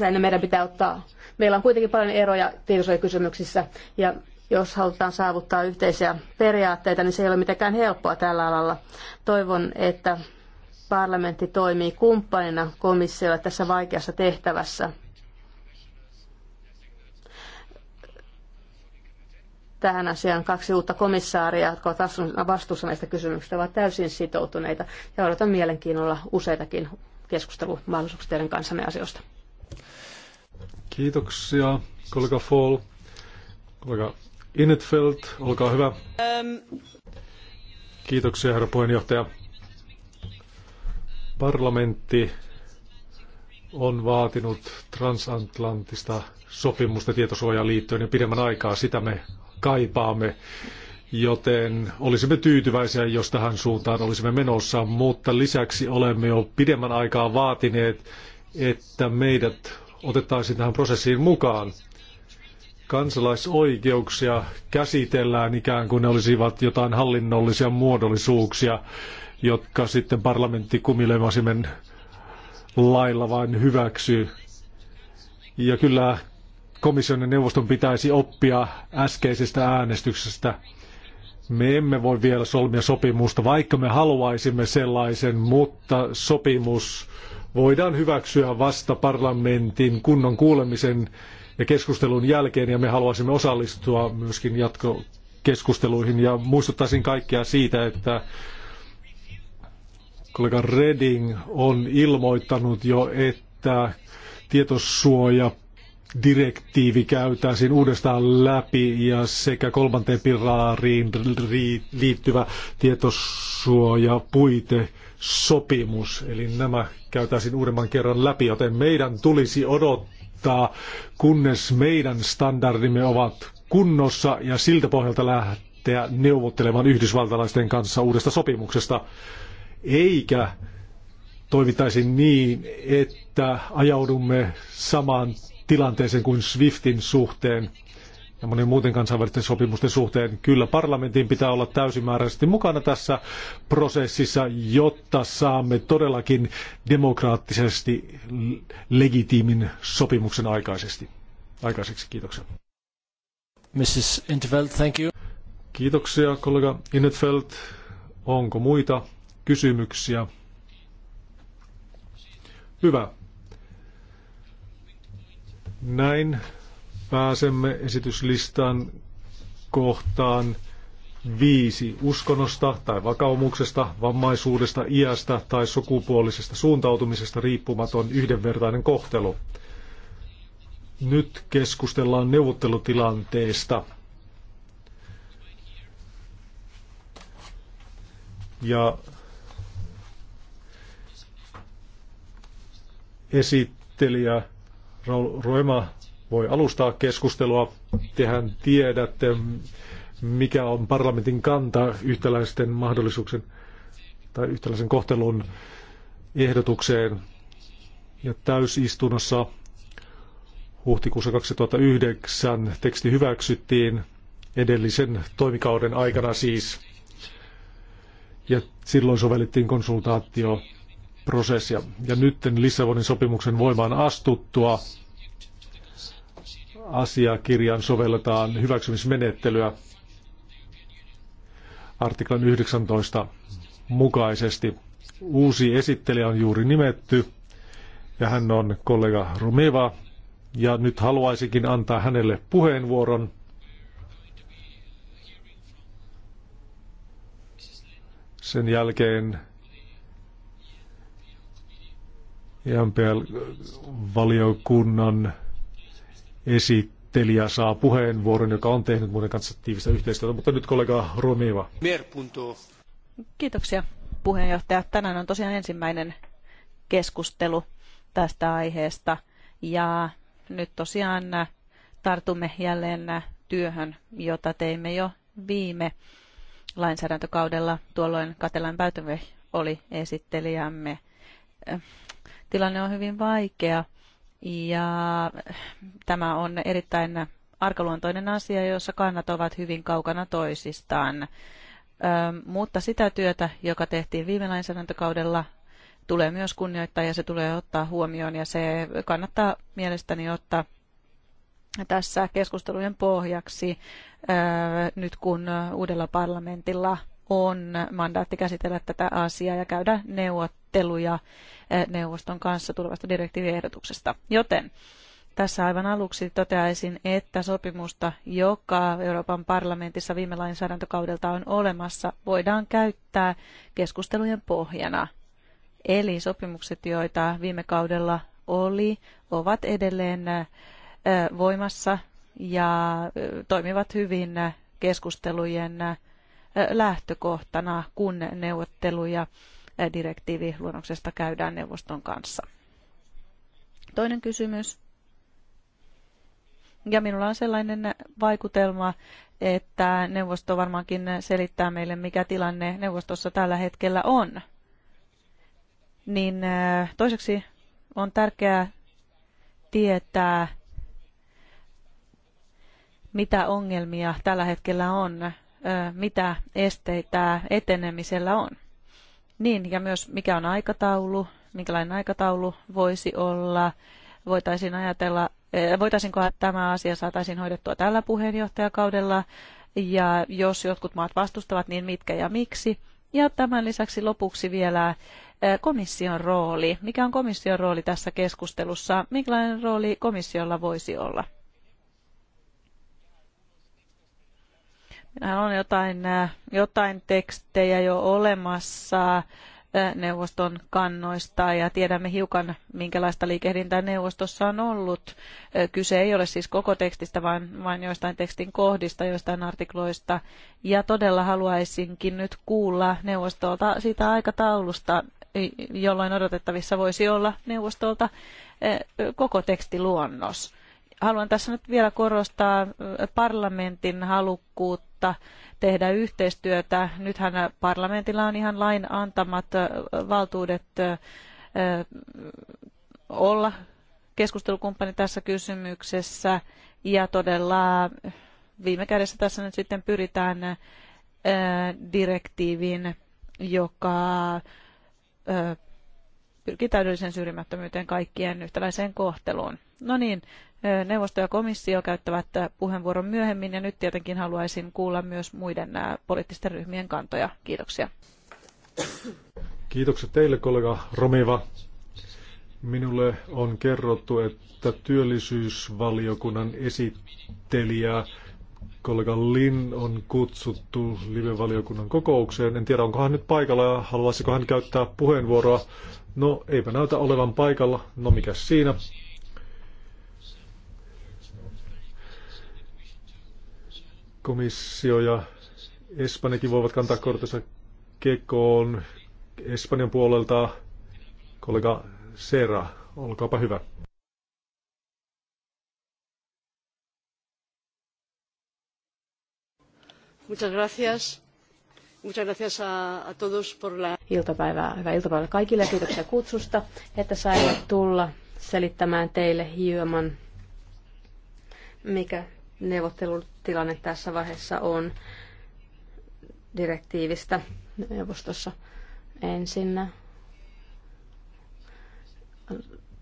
aina meidän pitää ottaa. Meillä on kuitenkin paljon eroja tietosuojakysymyksissä ja jos halutaan saavuttaa yhteisiä periaatteita, niin se ei ole mitenkään helppoa tällä alalla. Toivon, että parlamentti toimii kumppanina komissiolle tässä vaikeassa tehtävässä. Tähän asiaan kaksi uutta komissaaria, jotka ovat vastuussa näistä kysymyksistä, ovat täysin sitoutuneita ja odotan mielenkiinnolla useitakin keskustelumahdollisuuksia teidän kanssanne asioista. Kiitoksia, kollega Fall. Kollega Innetfeld, olkaa hyvä. Ähm. Kiitoksia, herra puheenjohtaja. Parlamentti on vaatinut transatlanttista sopimusta tietosuojaan liittyen jo pidemmän aikaa. Sitä me kaipaamme, joten olisimme tyytyväisiä, jos tähän suuntaan olisimme menossa, mutta lisäksi olemme jo pidemmän aikaa vaatineet että meidät otettaisiin tähän prosessiin mukaan. Kansalaisoikeuksia käsitellään ikään kuin ne olisivat jotain hallinnollisia muodollisuuksia, jotka sitten parlamentti kumilemasimen lailla vain hyväksyy. Ja kyllä komission ja neuvoston pitäisi oppia äskeisestä äänestyksestä. Me emme voi vielä solmia sopimusta, vaikka me haluaisimme sellaisen, mutta sopimus voidaan hyväksyä vasta parlamentin kunnon kuulemisen ja keskustelun jälkeen, ja me haluaisimme osallistua myöskin jatkokeskusteluihin, ja muistuttaisin kaikkia siitä, että kollega Reding on ilmoittanut jo, että tietosuoja direktiivi käytäisiin uudestaan läpi ja sekä kolmanteen pilariin liittyvä tietosuojapuite. puite sopimus. Eli nämä käytäisiin uudemman kerran läpi, joten meidän tulisi odottaa, kunnes meidän standardimme ovat kunnossa ja siltä pohjalta lähteä neuvottelemaan yhdysvaltalaisten kanssa uudesta sopimuksesta. Eikä toimittaisi niin, että ajaudumme samaan tilanteeseen kuin Swiftin suhteen – ja monien muuten kansainvälisten sopimusten suhteen. Kyllä parlamentin pitää olla täysimääräisesti mukana tässä prosessissa, jotta saamme todellakin demokraattisesti legitiimin sopimuksen aikaisesti. aikaiseksi. Kiitoksia. Mrs. Intveld, thank you. Kiitoksia kollega Innetfeld. Onko muita kysymyksiä? Hyvä. Näin pääsemme esityslistan kohtaan viisi uskonnosta tai vakaumuksesta, vammaisuudesta, iästä tai sukupuolisesta suuntautumisesta riippumaton yhdenvertainen kohtelu. Nyt keskustellaan neuvottelutilanteesta. Ja esittelijä Roima voi alustaa keskustelua. Tehän tiedätte, mikä on parlamentin kanta yhtäläisten mahdollisuuksien tai yhtäläisen kohtelun ehdotukseen. Ja täysistunnossa huhtikuussa 2009 teksti hyväksyttiin edellisen toimikauden aikana siis. Ja silloin sovellettiin konsultaatioprosessia. Ja nyt Lissabonin sopimuksen voimaan astuttua asiakirjan sovelletaan hyväksymismenettelyä artiklan 19 mukaisesti. Uusi esittelijä on juuri nimetty ja hän on kollega Romeva ja nyt haluaisikin antaa hänelle puheenvuoron. Sen jälkeen EMPL-valiokunnan esittelijä saa puheenvuoron, joka on tehnyt muiden kanssa tiivistä yhteistyötä. Mutta nyt kollega Romiva. Kiitoksia puheenjohtaja. Tänään on tosiaan ensimmäinen keskustelu tästä aiheesta ja nyt tosiaan tartumme jälleen työhön, jota teimme jo viime lainsäädäntökaudella. Tuolloin Katelan Päytöve oli esittelijämme. Tilanne on hyvin vaikea ja eh, tämä on erittäin arkaluontoinen asia, jossa kannat ovat hyvin kaukana toisistaan. Mutta sitä työtä, joka tehtiin viime lainsäädäntökaudella, tulee myös kunnioittaa ja se tulee ottaa huomioon ja se kannattaa mielestäni ottaa tässä keskustelujen pohjaksi nyt kun uudella parlamentilla on mandaatti käsitellä tätä asiaa ja käydä neuvotteluja eh, neuvoston kanssa tulevasta direktiiviehdotuksesta. Joten tässä aivan aluksi toteaisin, että sopimusta, joka Euroopan parlamentissa viime lainsäädäntökaudelta on olemassa, voidaan käyttää keskustelujen pohjana. Eli sopimukset, joita viime kaudella oli, ovat edelleen eh, voimassa ja eh, toimivat hyvin keskustelujen lähtökohtana, kun neuvotteluja direktiiviluonnoksesta käydään neuvoston kanssa. Toinen kysymys. Ja minulla on sellainen vaikutelma, että neuvosto varmaankin selittää meille, mikä tilanne neuvostossa tällä hetkellä on. Niin toiseksi on tärkeää tietää, mitä ongelmia tällä hetkellä on mitä esteitä etenemisellä on. Niin, ja myös mikä on aikataulu, minkälainen aikataulu voisi olla, voitaisiin ajatella, voitaisinko tämä asia saataisiin hoidettua tällä puheenjohtajakaudella, ja jos jotkut maat vastustavat, niin mitkä ja miksi. Ja tämän lisäksi lopuksi vielä komission rooli. Mikä on komission rooli tässä keskustelussa? Minkälainen rooli komissiolla voisi olla? on jotain, äh, jotain tekstejä jo olemassa äh, neuvoston kannoista ja tiedämme hiukan, minkälaista liikehdintää neuvostossa on ollut. Äh, kyse ei ole siis koko tekstistä, vaan, vaan joistain tekstin kohdista, joistain artikloista. Ja todella haluaisinkin nyt kuulla neuvostolta siitä aikataulusta, jolloin odotettavissa voisi olla neuvostolta koko tekstiluonnos. Haluan tässä nyt vielä korostaa parlamentin halukkuutta tehdä yhteistyötä. Nythän parlamentilla on ihan lain antamat valtuudet olla keskustelukumppani tässä kysymyksessä ja todella viime kädessä tässä nyt sitten pyritään direktiiviin, joka pyrkii täydelliseen syrjimättömyyteen kaikkien yhtäläiseen kohteluun. No niin, neuvosto ja komissio käyttävät puheenvuoron myöhemmin ja nyt tietenkin haluaisin kuulla myös muiden poliittisten ryhmien kantoja. Kiitoksia. Kiitokset teille kollega Romiva. Minulle on kerrottu, että työllisyysvaliokunnan esittelijä kollega Lin on kutsuttu live-valiokunnan kokoukseen. En tiedä, onko hän nyt paikalla ja haluaisiko hän käyttää puheenvuoroa. No, eipä näytä olevan paikalla. No, mikä siinä? Komissio ja Espanjakin voivat kantaa kortensa kekoon. Espanjan puolelta kollega Sera, olkaapa hyvä. Muchas gracias. Muchas gracias a, a todos por la... Iltapäivää, hyvää iltapäivää kaikille ja kiitoksia kutsusta, että saimme tulla selittämään teille hieman, mikä neuvottelutilanne tässä vaiheessa on direktiivistä neuvostossa ensinnä.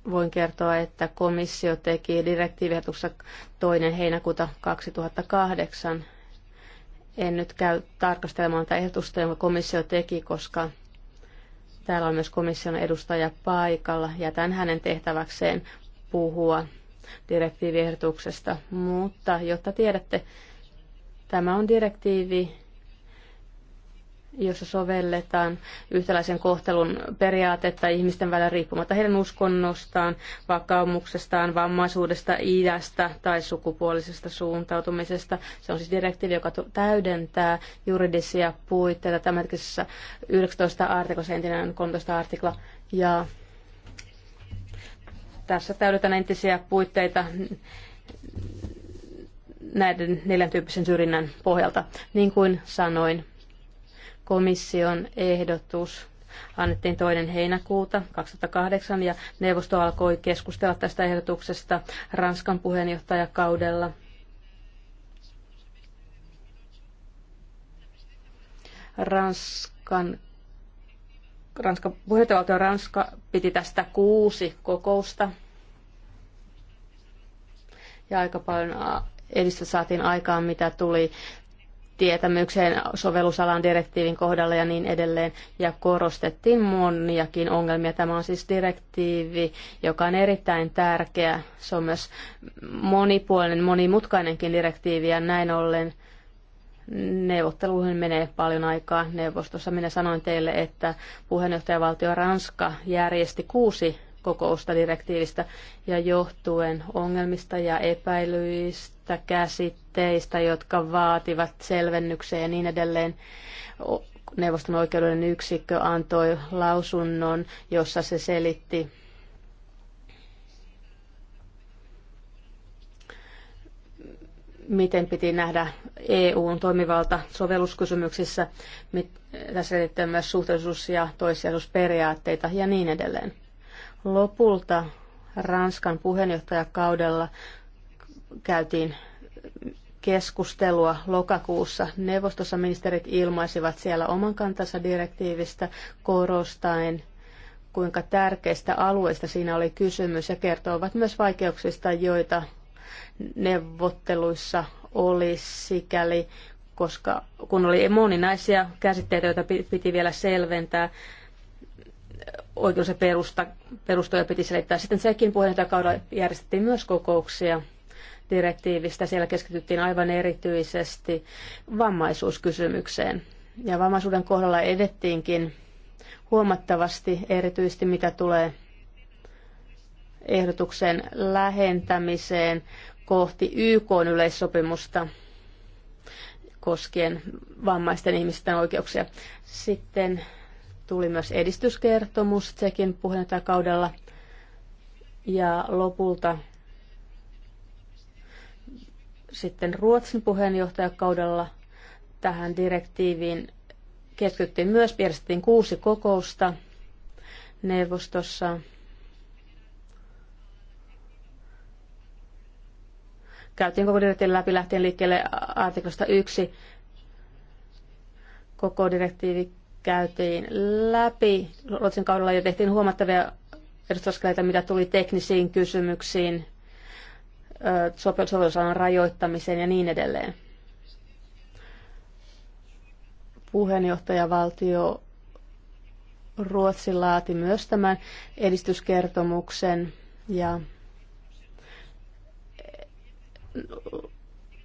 Voin kertoa, että komissio teki direktiivehdotuksen toinen heinäkuuta 2008. En nyt käy tarkastelemaan tätä ehdotusta, jonka komissio teki, koska täällä on myös komission edustaja paikalla. Jätän hänen tehtäväkseen puhua direktiiviehdotuksesta, mutta jotta tiedätte, tämä on direktiivi, jossa sovelletaan yhtäläisen kohtelun periaatetta ihmisten välillä riippumatta heidän uskonnostaan, vakaumuksestaan, vammaisuudesta, iästä tai sukupuolisesta suuntautumisesta. Se on siis direktiivi, joka täydentää juridisia puitteita tämänhetkisessä 19 artikossa, entinen 13 artikla, ja tässä täydetään entisiä puitteita näiden neljän tyyppisen syrjinnän pohjalta. Niin kuin sanoin, komission ehdotus annettiin toinen heinäkuuta 2008 ja neuvosto alkoi keskustella tästä ehdotuksesta Ranskan puheenjohtajakaudella. Ranskan Ranska, puheenjohtajavaltio Ranska piti tästä kuusi kokousta. Ja aika paljon edistä saatiin aikaan, mitä tuli tietämykseen sovellusalan direktiivin kohdalla ja niin edelleen. Ja korostettiin moniakin ongelmia. Tämä on siis direktiivi, joka on erittäin tärkeä. Se on myös monipuolinen, monimutkainenkin direktiivi ja näin ollen – neuvotteluihin menee paljon aikaa neuvostossa. Minä sanoin teille, että puheenjohtajavaltio Ranska järjesti kuusi kokousta direktiivistä ja johtuen ongelmista ja epäilyistä käsitteistä, jotka vaativat selvennyksiä ja niin edelleen. Neuvoston oikeudellinen yksikkö antoi lausunnon, jossa se selitti miten piti nähdä EUn toimivalta sovelluskysymyksissä. Tässä liittyy myös suhteellisuus- ja toissijaisuusperiaatteita ja niin edelleen. Lopulta Ranskan puheenjohtajakaudella käytiin keskustelua lokakuussa. Neuvostossa ministerit ilmaisivat siellä oman kantansa direktiivistä korostaen kuinka tärkeistä alueista siinä oli kysymys ja kertoivat myös vaikeuksista, joita neuvotteluissa oli sikäli, koska kun oli moninaisia käsitteitä, joita piti vielä selventää, oikeus- ja perusta, perustoja piti selittää. Sitten sekin puheenjohtajakaudella järjestettiin myös kokouksia direktiivistä. Siellä keskityttiin aivan erityisesti vammaisuuskysymykseen. Ja vammaisuuden kohdalla edettiinkin huomattavasti, erityisesti mitä tulee ehdotuksen lähentämiseen kohti YK yleissopimusta koskien vammaisten ihmisten oikeuksia. Sitten tuli myös edistyskertomus Tsekin puheenjohtajakaudella. Ja lopulta sitten Ruotsin puheenjohtajakaudella tähän direktiiviin keskityttiin myös, järjestettiin kuusi kokousta neuvostossa Käytiin koko direktiivin läpi lähtien liikkeelle artiklasta 1. Koko direktiivi käytiin läpi Ruotsin kaudella ja tehtiin huomattavia edustuskeleita, mitä tuli teknisiin kysymyksiin, sovellusalan rajoittamiseen ja niin edelleen. Puheenjohtajavaltio Ruotsi laati myös tämän edistyskertomuksen ja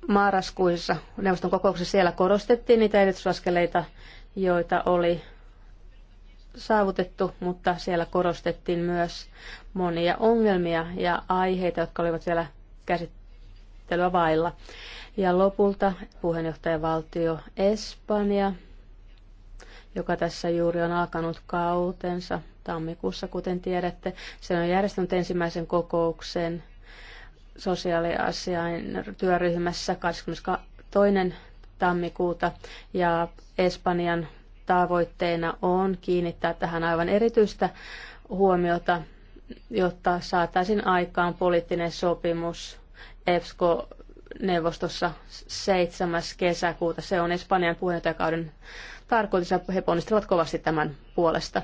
marraskuissa neuvoston kokouksessa siellä korostettiin niitä edistysaskeleita, joita oli saavutettu, mutta siellä korostettiin myös monia ongelmia ja aiheita, jotka olivat siellä käsittelyä vailla. Ja lopulta puheenjohtajavaltio Espanja, joka tässä juuri on alkanut kautensa tammikuussa, kuten tiedätte. Se on järjestänyt ensimmäisen kokouksen sosiaaliasiain työryhmässä 22. tammikuuta ja Espanjan tavoitteena on kiinnittää tähän aivan erityistä huomiota, jotta saataisiin aikaan poliittinen sopimus EFSCO-neuvostossa 7. kesäkuuta. Se on Espanjan puheenjohtajakauden tarkoitus ja he ponnistelevat kovasti tämän puolesta.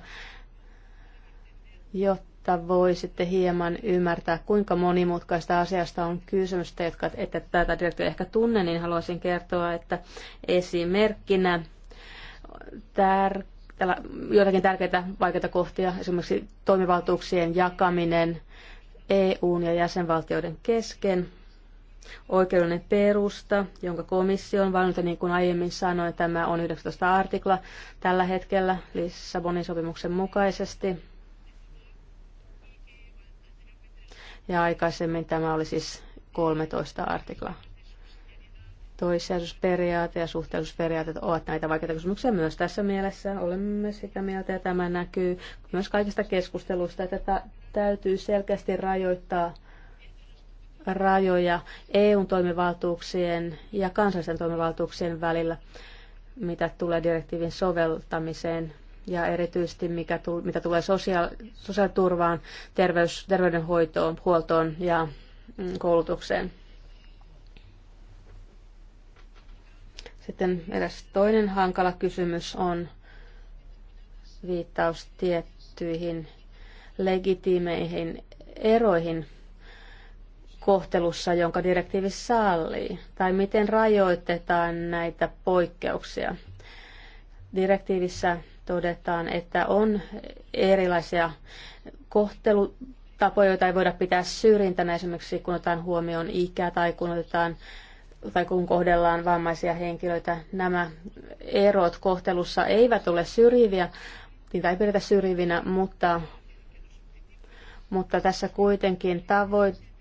Jotta jotta sitten hieman ymmärtää, kuinka monimutkaista asiasta on kysymys. Te, jotka ette tätä direktiä ehkä tunne, niin haluaisin kertoa, että esimerkkinä tär, tällä, joitakin tärkeitä vaikeita kohtia, esimerkiksi toimivaltuuksien jakaminen EUn ja jäsenvaltioiden kesken, oikeudellinen perusta, jonka komissio on valinnut, niin kuin aiemmin sanoin, tämä on 19 artikla tällä hetkellä Lissabonin sopimuksen mukaisesti ja aikaisemmin tämä oli siis 13 artikla. Toissijaisuusperiaate ja suhteellisuusperiaate ovat näitä vaikeita kysymyksiä myös tässä mielessä. Olemme sitä mieltä ja tämä näkyy myös kaikista keskusteluista, että täytyy selkeästi rajoittaa rajoja EUn toimivaltuuksien ja kansallisten toimivaltuuksien välillä, mitä tulee direktiivin soveltamiseen ja erityisesti mikä tu, mitä tulee sosiaali, sosiaaliturvaan, terveys, terveydenhoitoon, huoltoon ja mm, koulutukseen. Sitten edes toinen hankala kysymys on viittaus tiettyihin legitiimeihin eroihin kohtelussa, jonka direktiivi sallii, tai miten rajoitetaan näitä poikkeuksia. Direktiivissä todetaan, että on erilaisia kohtelutapoja, joita ei voida pitää syrjintänä esimerkiksi kun otetaan huomioon ikä tai kun otetaan tai kun kohdellaan vammaisia henkilöitä. Nämä erot kohtelussa eivät ole syrjiviä, niitä ei pidetä syrjivinä, mutta, mutta tässä kuitenkin tavoitteena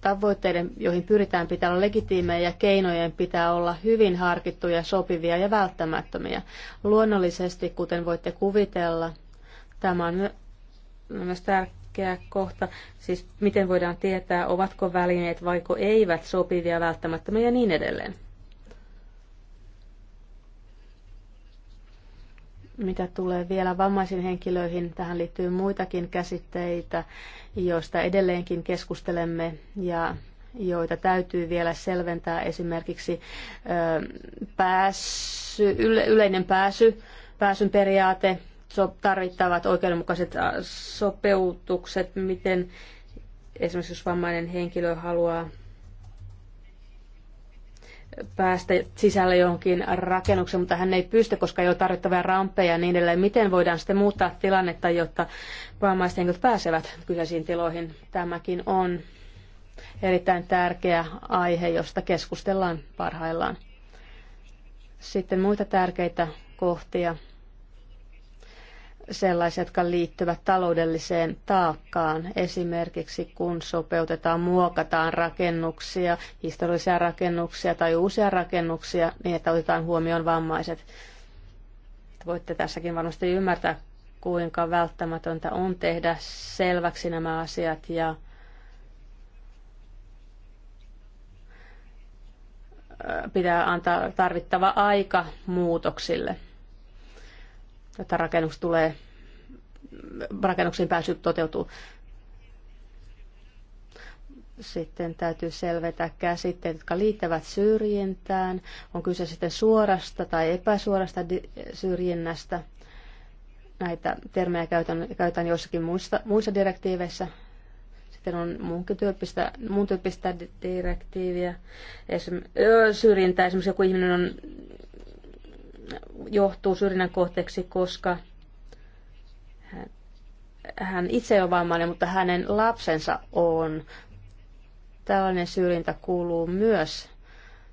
tavoitteiden, joihin pyritään, pitää olla legitiimejä ja keinojen pitää olla hyvin harkittuja, sopivia ja välttämättömiä. Luonnollisesti, kuten voitte kuvitella, tämä on myös tärkeä kohta, siis miten voidaan tietää, ovatko välineet vaiko eivät sopivia, välttämättömiä ja niin edelleen. Mitä tulee vielä vammaisiin henkilöihin, tähän liittyy muitakin käsitteitä, joista edelleenkin keskustelemme ja joita täytyy vielä selventää. Esimerkiksi pääsy, yleinen pääsy, pääsyn periaate, tarvittavat oikeudenmukaiset sopeutukset, miten esimerkiksi jos vammainen henkilö haluaa päästä sisälle jonkin rakennukseen, mutta hän ei pysty, koska ei ole tarvittavia rampeja ja niin edelleen. Miten voidaan sitten muuttaa tilannetta, jotta vammaiset henkilöt pääsevät kyseisiin tiloihin? Tämäkin on erittäin tärkeä aihe, josta keskustellaan parhaillaan. Sitten muita tärkeitä kohtia sellaisia, jotka liittyvät taloudelliseen taakkaan. Esimerkiksi kun sopeutetaan, muokataan rakennuksia, historiallisia rakennuksia tai uusia rakennuksia, niin että otetaan huomioon vammaiset. Voitte tässäkin varmasti ymmärtää, kuinka välttämätöntä on tehdä selväksi nämä asiat ja pitää antaa tarvittava aika muutoksille että rakennus tulee, rakennuksiin pääsy toteutuu. Sitten täytyy selvetä käsitteet, jotka liittävät syrjintään. On kyse sitten suorasta tai epäsuorasta syrjinnästä. Näitä termejä käytän, käytän joissakin muissa, muissa direktiiveissä. Sitten on muunkin tyyppistä, muun tyyppistä direktiiviä. Esim, syrjintää, esimerkiksi joku ihminen on johtuu syrjinnän kohteeksi, koska hän itse on vammainen, mutta hänen lapsensa on. Tällainen syrjintä kuuluu myös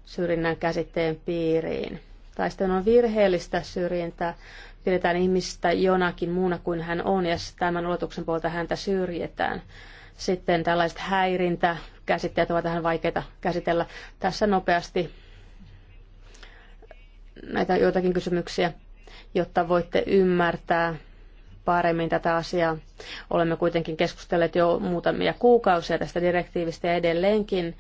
syrjinnän käsitteen piiriin. Tai sitten on virheellistä syrjintää, pidetään ihmistä jonakin muuna kuin hän on, ja tämän oletuksen puolta häntä syrjetään. Sitten tällaiset häirintäkäsitteet ovat vähän vaikeita käsitellä. Tässä nopeasti näitä joitakin kysymyksiä, jotta voitte ymmärtää paremmin tätä asiaa. Olemme kuitenkin keskustelleet jo muutamia kuukausia tästä direktiivistä ja edelleenkin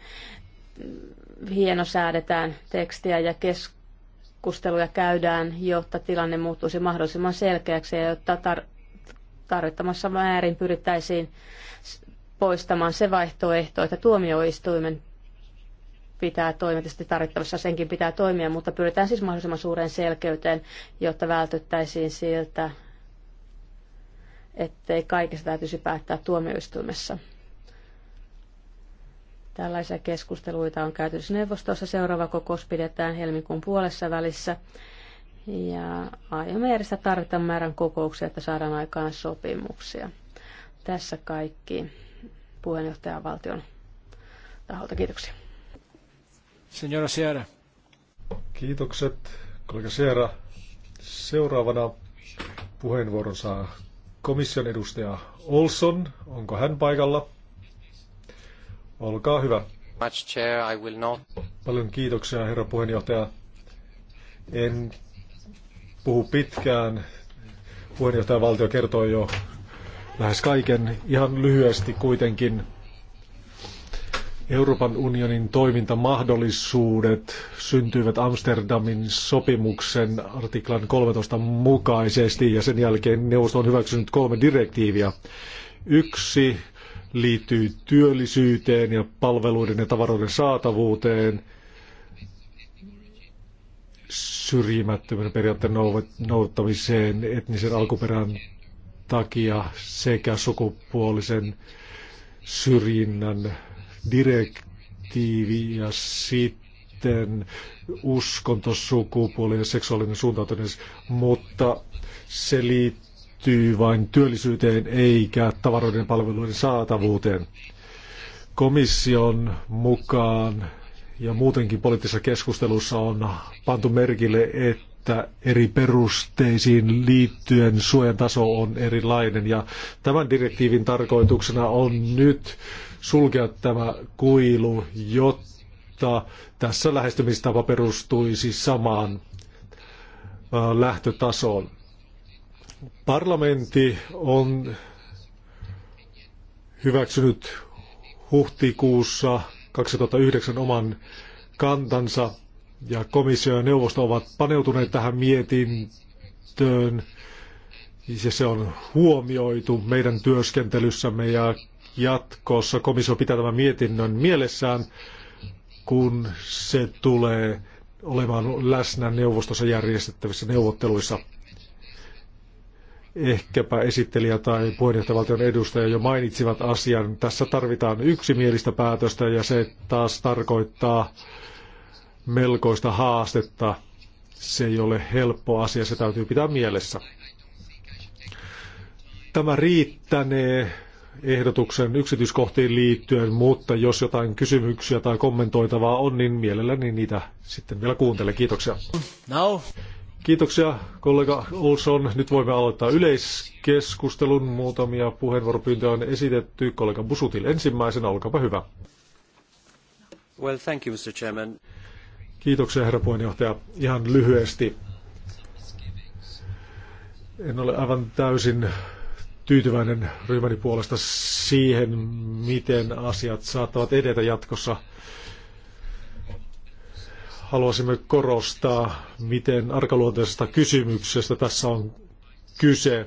hieno säädetään tekstiä ja keskusteluja käydään, jotta tilanne muuttuisi mahdollisimman selkeäksi ja jotta tar- tarvittamassa määrin pyrittäisiin poistamaan se vaihtoehto, että tuomioistuimen pitää toimia, tietysti tarvittavassa senkin pitää toimia, mutta pyritään siis mahdollisimman suureen selkeyteen, jotta vältyttäisiin siltä, ettei kaikesta täytyisi päättää tuomioistuimessa. Tällaisia keskusteluita on käyty siis neuvostossa. Seuraava kokous pidetään helmikuun puolessa välissä. Ja aiomme järjestää tarvittavan määrän kokouksia, että saadaan aikaan sopimuksia. Tässä kaikki puheenjohtajan valtion taholta. Kiitoksia. Senora Sierra. Kiitokset, kollega Sierra. Seuraavana puheenvuoron saa komission edustaja Olson. Onko hän paikalla? Olkaa hyvä. Much chair, I will not. Paljon kiitoksia, herra puheenjohtaja. En puhu pitkään. Puheenjohtaja valtio kertoi jo lähes kaiken. Ihan lyhyesti kuitenkin Euroopan unionin toimintamahdollisuudet syntyivät Amsterdamin sopimuksen artiklan 13 mukaisesti ja sen jälkeen neuvosto on hyväksynyt kolme direktiiviä. Yksi liittyy työllisyyteen ja palveluiden ja tavaroiden saatavuuteen syrjimättömyyden periaatteen noudattamiseen etnisen alkuperän takia sekä sukupuolisen syrjinnän direktiivi ja sitten uskonto, sukupuoli ja seksuaalinen suuntautuminen, mutta se liittyy vain työllisyyteen eikä tavaroiden palveluiden saatavuuteen. Komission mukaan ja muutenkin poliittisessa keskustelussa on pantu merkille, että eri perusteisiin liittyen suojan taso on erilainen. Ja tämän direktiivin tarkoituksena on nyt sulkea tämä kuilu, jotta tässä lähestymistapa perustuisi samaan lähtötasoon. Parlamentti on hyväksynyt huhtikuussa 2009 oman kantansa ja komissio ja neuvosto ovat paneutuneet tähän mietintöön ja se on huomioitu meidän työskentelyssämme ja jatkossa komissio pitää tämän mietinnön mielessään, kun se tulee olemaan läsnä neuvostossa järjestettävissä neuvotteluissa. Ehkäpä esittelijä tai puheenjohtajavaltion edustaja jo mainitsivat asian. Tässä tarvitaan yksimielistä päätöstä ja se taas tarkoittaa melkoista haastetta. Se ei ole helppo asia, se täytyy pitää mielessä. Tämä riittänee ehdotuksen yksityiskohtiin liittyen, mutta jos jotain kysymyksiä tai kommentoitavaa on, niin mielelläni niitä sitten vielä kuuntelen. Kiitoksia. No. Kiitoksia kollega Olson. Nyt voimme aloittaa yleiskeskustelun. Muutamia puheenvuoropyyntöjä on esitetty. Kollega Busutil ensimmäisenä, olkaapa hyvä. Well, thank you, Mr. Chairman. Kiitoksia herra puheenjohtaja. Ihan lyhyesti. En ole aivan täysin tyytyväinen ryhmäni puolesta siihen, miten asiat saattavat edetä jatkossa. Haluaisimme korostaa, miten arkaluonteisesta kysymyksestä tässä on kyse.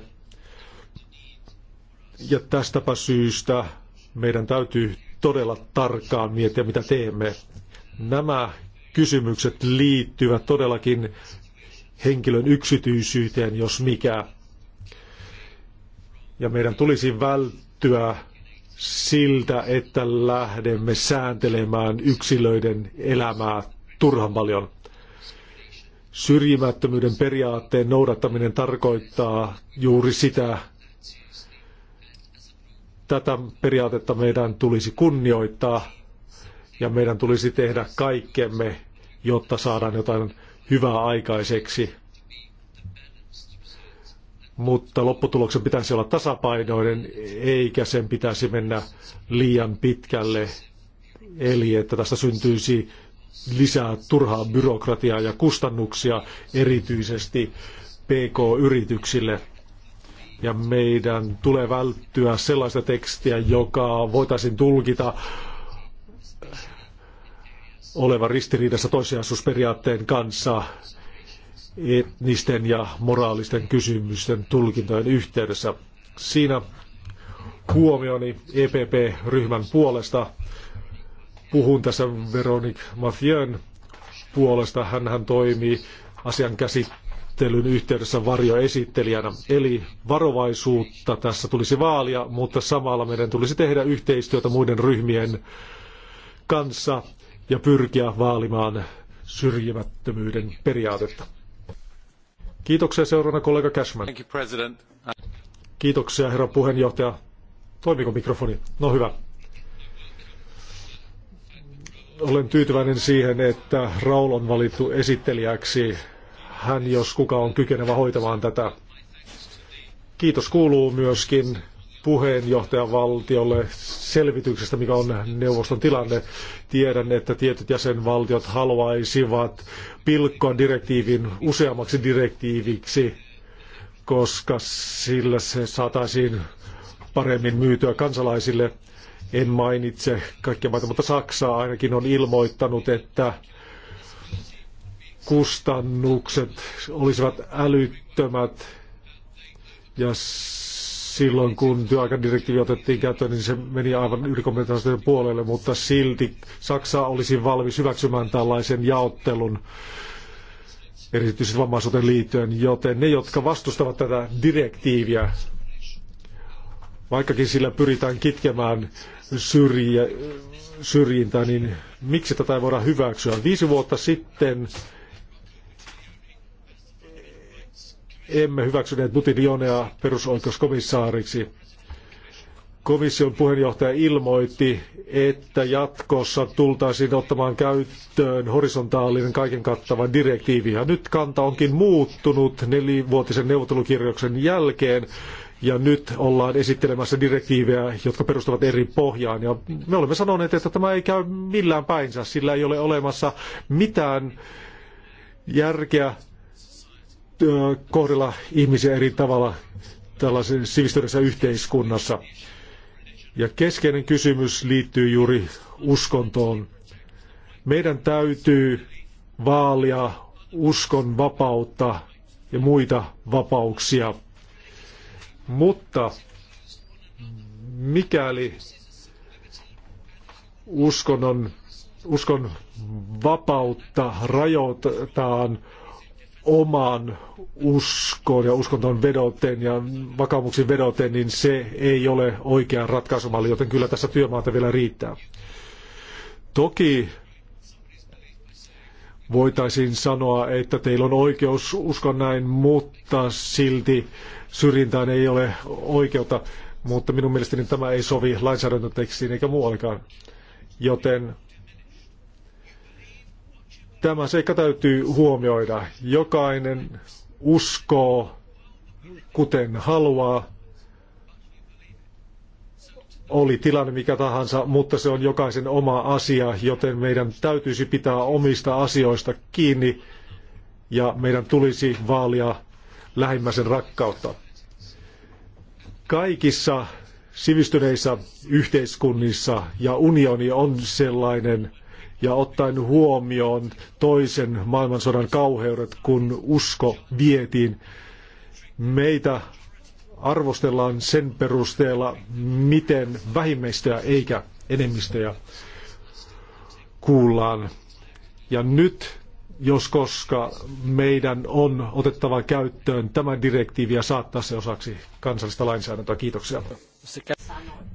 Ja tästäpä syystä meidän täytyy todella tarkkaan miettiä, mitä teemme. Nämä kysymykset liittyvät todellakin henkilön yksityisyyteen, jos mikä. Ja meidän tulisi välttyä siltä, että lähdemme sääntelemään yksilöiden elämää turhan paljon. Syrjimättömyyden periaatteen noudattaminen tarkoittaa juuri sitä, tätä periaatetta meidän tulisi kunnioittaa ja meidän tulisi tehdä kaikkemme, jotta saadaan jotain hyvää aikaiseksi mutta lopputuloksen pitäisi olla tasapainoinen, eikä sen pitäisi mennä liian pitkälle, eli että tästä syntyisi lisää turhaa byrokratiaa ja kustannuksia erityisesti PK-yrityksille. Ja meidän tulee välttyä sellaista tekstiä, joka voitaisiin tulkita olevan ristiriidassa toissijaisuusperiaatteen kanssa, etnisten ja moraalisten kysymysten tulkintojen yhteydessä. Siinä huomioni EPP-ryhmän puolesta. Puhun tässä Veronique Mathieun puolesta. hän toimii asian käsittelyn yhteydessä varjoesittelijänä. Eli varovaisuutta tässä tulisi vaalia, mutta samalla meidän tulisi tehdä yhteistyötä muiden ryhmien kanssa ja pyrkiä vaalimaan syrjimättömyyden periaatetta. Kiitoksia seuraavana kollega Cashman. Kiitoksia herra puheenjohtaja. Toimiko mikrofoni? No hyvä. Olen tyytyväinen siihen, että Raul on valittu esittelijäksi. Hän, jos kuka, on kykenevä hoitamaan tätä. Kiitos kuuluu myöskin puheenjohtajavaltiolle selvityksestä, mikä on neuvoston tilanne. Tiedän, että tietyt jäsenvaltiot haluaisivat pilkkoa direktiivin useammaksi direktiiviksi, koska sillä se saataisiin paremmin myytyä kansalaisille. En mainitse kaikkia maita, mutta Saksa ainakin on ilmoittanut, että kustannukset olisivat älyttömät ja silloin, kun työaikadirektiivi otettiin käyttöön, niin se meni aivan ylikompensaation puolelle, mutta silti Saksa olisi valmis hyväksymään tällaisen jaottelun erityisesti vammaisuuteen liittyen, joten ne, jotka vastustavat tätä direktiiviä, vaikkakin sillä pyritään kitkemään syrjintää, niin miksi tätä ei voida hyväksyä? Viisi vuotta sitten emme hyväksyneet Mutilionea perusoikeuskomissaariksi. Komission puheenjohtaja ilmoitti, että jatkossa tultaisiin ottamaan käyttöön horisontaalinen kaiken kattava direktiivi. Ja nyt kanta onkin muuttunut nelivuotisen neuvottelukirjoksen jälkeen. Ja nyt ollaan esittelemässä direktiivejä, jotka perustuvat eri pohjaan. Ja me olemme sanoneet, että tämä ei käy millään päinsä, sillä ei ole olemassa mitään järkeä kohdella ihmisiä eri tavalla tällaisessa sivistyneessä yhteiskunnassa. Ja keskeinen kysymys liittyy juuri uskontoon. Meidän täytyy vaalia uskon vapautta ja muita vapauksia. Mutta mikäli uskonnon, uskon vapautta rajoitetaan omaan uskoon ja uskontoon vedoten ja vakaumuksiin vedoten, niin se ei ole oikea ratkaisumalli, joten kyllä tässä työmaata vielä riittää. Toki voitaisiin sanoa, että teillä on oikeus uskoa näin, mutta silti syrjintään ei ole oikeutta. Mutta minun mielestäni tämä ei sovi lainsäädäntötekstiin eikä muuallekaan. Joten Tämä seikka täytyy huomioida. Jokainen uskoo, kuten haluaa, oli tilanne mikä tahansa, mutta se on jokaisen oma asia, joten meidän täytyisi pitää omista asioista kiinni ja meidän tulisi vaalia lähimmäisen rakkautta. Kaikissa sivistyneissä yhteiskunnissa ja unioni on sellainen ja ottaen huomioon toisen maailmansodan kauheudet, kun usko vietiin. Meitä arvostellaan sen perusteella, miten vähimmäistöä eikä enemmistöjä kuullaan. Ja nyt, jos koska, meidän on otettava käyttöön tämä direktiivi ja saattaa se osaksi kansallista lainsäädäntöä. Kiitoksia.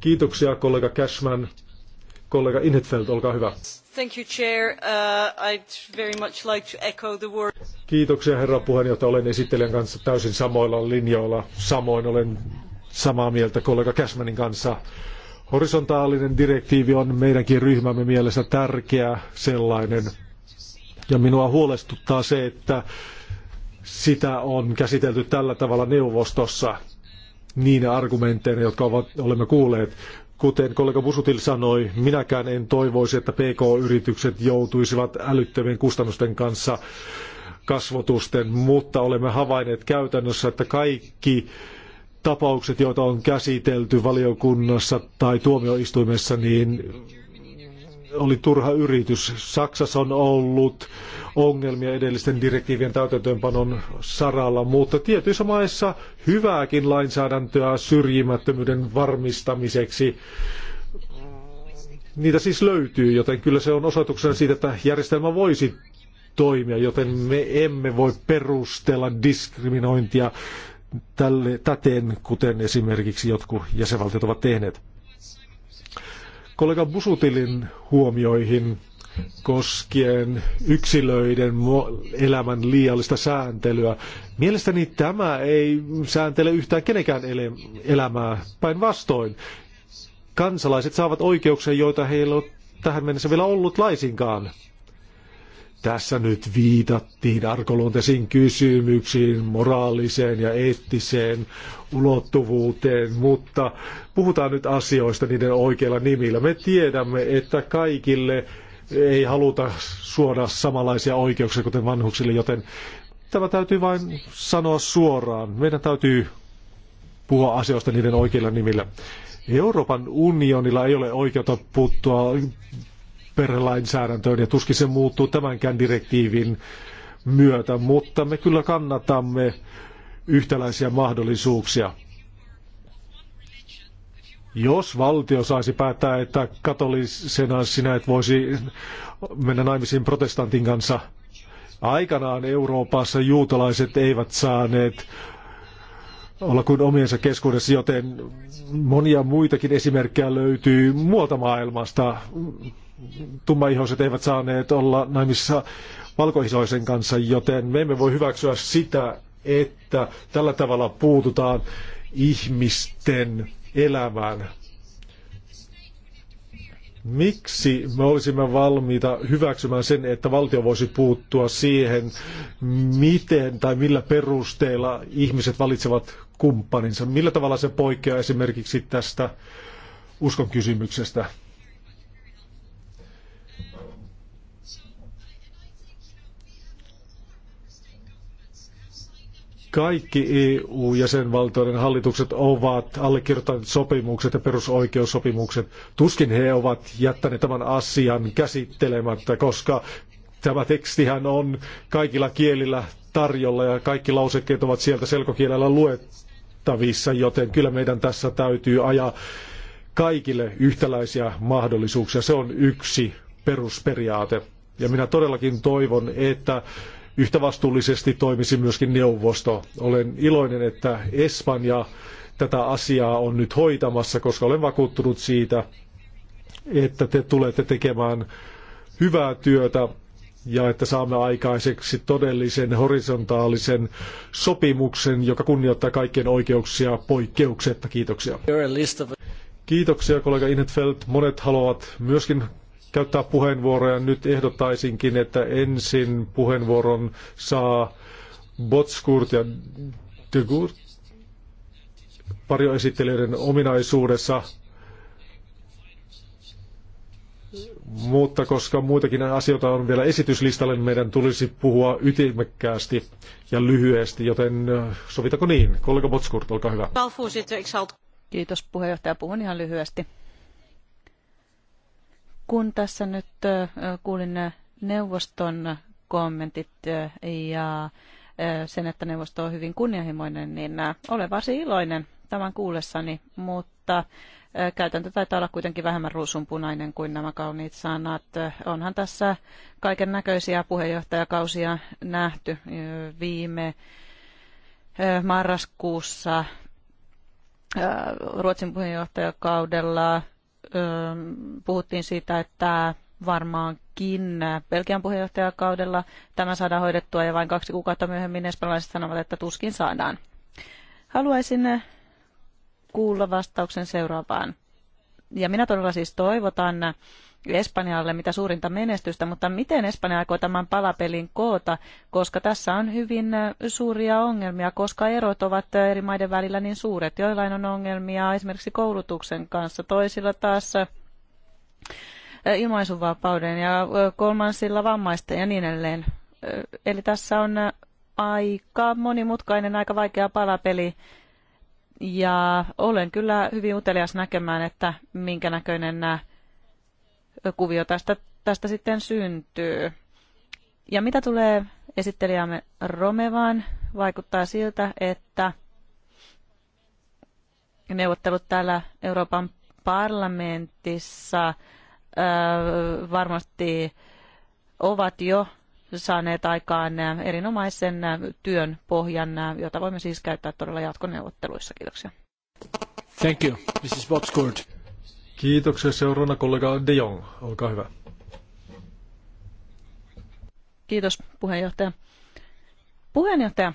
Kiitoksia kollega Cashman kollega Inhetfeld, olkaa hyvä. Thank you, Chair. Uh, I'd very much like to echo the Kiitoksia herra puheenjohtaja. Olen esittelijän kanssa täysin samoilla linjoilla. Samoin olen samaa mieltä kollega Cashmanin kanssa. Horisontaalinen direktiivi on meidänkin ryhmämme mielessä tärkeä sellainen. Ja minua huolestuttaa se, että sitä on käsitelty tällä tavalla neuvostossa niin argumentteina, jotka ovat, olemme kuulleet. Kuten kollega Busutil sanoi, minäkään en toivoisi, että PK-yritykset joutuisivat älyttömien kustannusten kanssa kasvotusten, mutta olemme havainneet käytännössä, että kaikki tapaukset, joita on käsitelty valiokunnassa tai tuomioistuimessa, niin oli turha yritys. Saksassa on ollut ongelmia edellisten direktiivien täytäntöönpanon saralla, mutta tietyissä maissa hyvääkin lainsäädäntöä syrjimättömyyden varmistamiseksi. Niitä siis löytyy, joten kyllä se on osoituksena siitä, että järjestelmä voisi toimia, joten me emme voi perustella diskriminointia tälle, täten, kuten esimerkiksi jotkut jäsenvaltiot ovat tehneet kollega Busutilin huomioihin koskien yksilöiden elämän liiallista sääntelyä. Mielestäni tämä ei sääntele yhtään kenenkään elämää. Päinvastoin, kansalaiset saavat oikeuksia, joita heillä on tähän mennessä vielä ollut laisinkaan. Tässä nyt viitattiin arkoluonteisiin kysymyksiin, moraaliseen ja eettiseen ulottuvuuteen, mutta puhutaan nyt asioista niiden oikeilla nimillä. Me tiedämme, että kaikille ei haluta suoda samanlaisia oikeuksia kuten vanhuksille, joten tämä täytyy vain sanoa suoraan. Meidän täytyy puhua asioista niiden oikeilla nimillä. Euroopan unionilla ei ole oikeutta puuttua perhelainsäädäntöön ja tuskin se muuttuu tämänkään direktiivin myötä, mutta me kyllä kannatamme yhtäläisiä mahdollisuuksia. Jos valtio saisi päättää, että katolisena sinä et voisi mennä naimisiin protestantin kanssa, aikanaan Euroopassa juutalaiset eivät saaneet olla kuin omiensa keskuudessa, joten monia muitakin esimerkkejä löytyy muualta maailmasta tummaihoiset eivät saaneet olla naimisissa valkoihoisen kanssa, joten me emme voi hyväksyä sitä, että tällä tavalla puututaan ihmisten elämään. Miksi me olisimme valmiita hyväksymään sen, että valtio voisi puuttua siihen, miten tai millä perusteella ihmiset valitsevat kumppaninsa? Millä tavalla se poikkeaa esimerkiksi tästä uskon kysymyksestä? Kaikki EU-jäsenvaltioiden hallitukset ovat allekirjoittaneet sopimukset ja perusoikeussopimukset. Tuskin he ovat jättäneet tämän asian käsittelemättä, koska tämä tekstihän on kaikilla kielillä tarjolla ja kaikki lausekkeet ovat sieltä selkokielellä luettavissa, joten kyllä meidän tässä täytyy ajaa kaikille yhtäläisiä mahdollisuuksia. Se on yksi perusperiaate. Ja minä todellakin toivon, että yhtä vastuullisesti toimisi myöskin neuvosto. Olen iloinen, että Espanja tätä asiaa on nyt hoitamassa, koska olen vakuuttunut siitä, että te tulette tekemään hyvää työtä ja että saamme aikaiseksi todellisen horisontaalisen sopimuksen, joka kunnioittaa kaikkien oikeuksia poikkeuksetta. Kiitoksia. Kiitoksia kollega Inetfeld. Monet haluavat myöskin käyttää puheenvuoroja. Nyt ehdottaisinkin, että ensin puheenvuoron saa Botskurt ja De Gurt varjoesittelijöiden ominaisuudessa. Mutta koska muitakin asioita on vielä esityslistalla, niin meidän tulisi puhua ytimekkäästi ja lyhyesti, joten äh, sovitako niin? Kollega Botskurt, olkaa hyvä. Kiitos puheenjohtaja, puhun ihan lyhyesti. Kun tässä nyt kuulin neuvoston kommentit ja sen, että neuvosto on hyvin kunnianhimoinen, niin olen varsin iloinen tämän kuullessani, mutta käytäntö taitaa olla kuitenkin vähemmän ruusunpunainen kuin nämä kauniit sanat. Onhan tässä kaiken näköisiä puheenjohtajakausia nähty viime marraskuussa Ruotsin puheenjohtajakaudella puhuttiin siitä, että varmaankin Belgian puheenjohtajakaudella tämä saadaan hoidettua ja vain kaksi kuukautta myöhemmin espanjalaiset sanovat, että tuskin saadaan. Haluaisin kuulla vastauksen seuraavaan ja minä todella siis toivotan Espanjalle mitä suurinta menestystä, mutta miten Espanja aikoo tämän palapelin koota, koska tässä on hyvin suuria ongelmia, koska erot ovat eri maiden välillä niin suuret. Joillain on ongelmia esimerkiksi koulutuksen kanssa, toisilla taas ilmaisuvapauden ja kolmansilla vammaisten ja niin edelleen. Eli tässä on aika monimutkainen, aika vaikea palapeli ja olen kyllä hyvin utelias näkemään, että minkä näköinen nämä äh, kuvio tästä, tästä sitten syntyy. Ja mitä tulee esittelijämme Romevaan, vaikuttaa siltä, että neuvottelut täällä Euroopan parlamentissa äh, varmasti ovat jo saaneet aikaan äh, erinomaisen äh, työn pohjan, äh, jota voimme siis käyttää todella jatkoneuvotteluissa. Kiitoksia. Thank you, Mrs. Botskurt. Kiitoksia seuraavana kollega De Jong. Olkaa hyvä. Kiitos puheenjohtaja. Puheenjohtaja,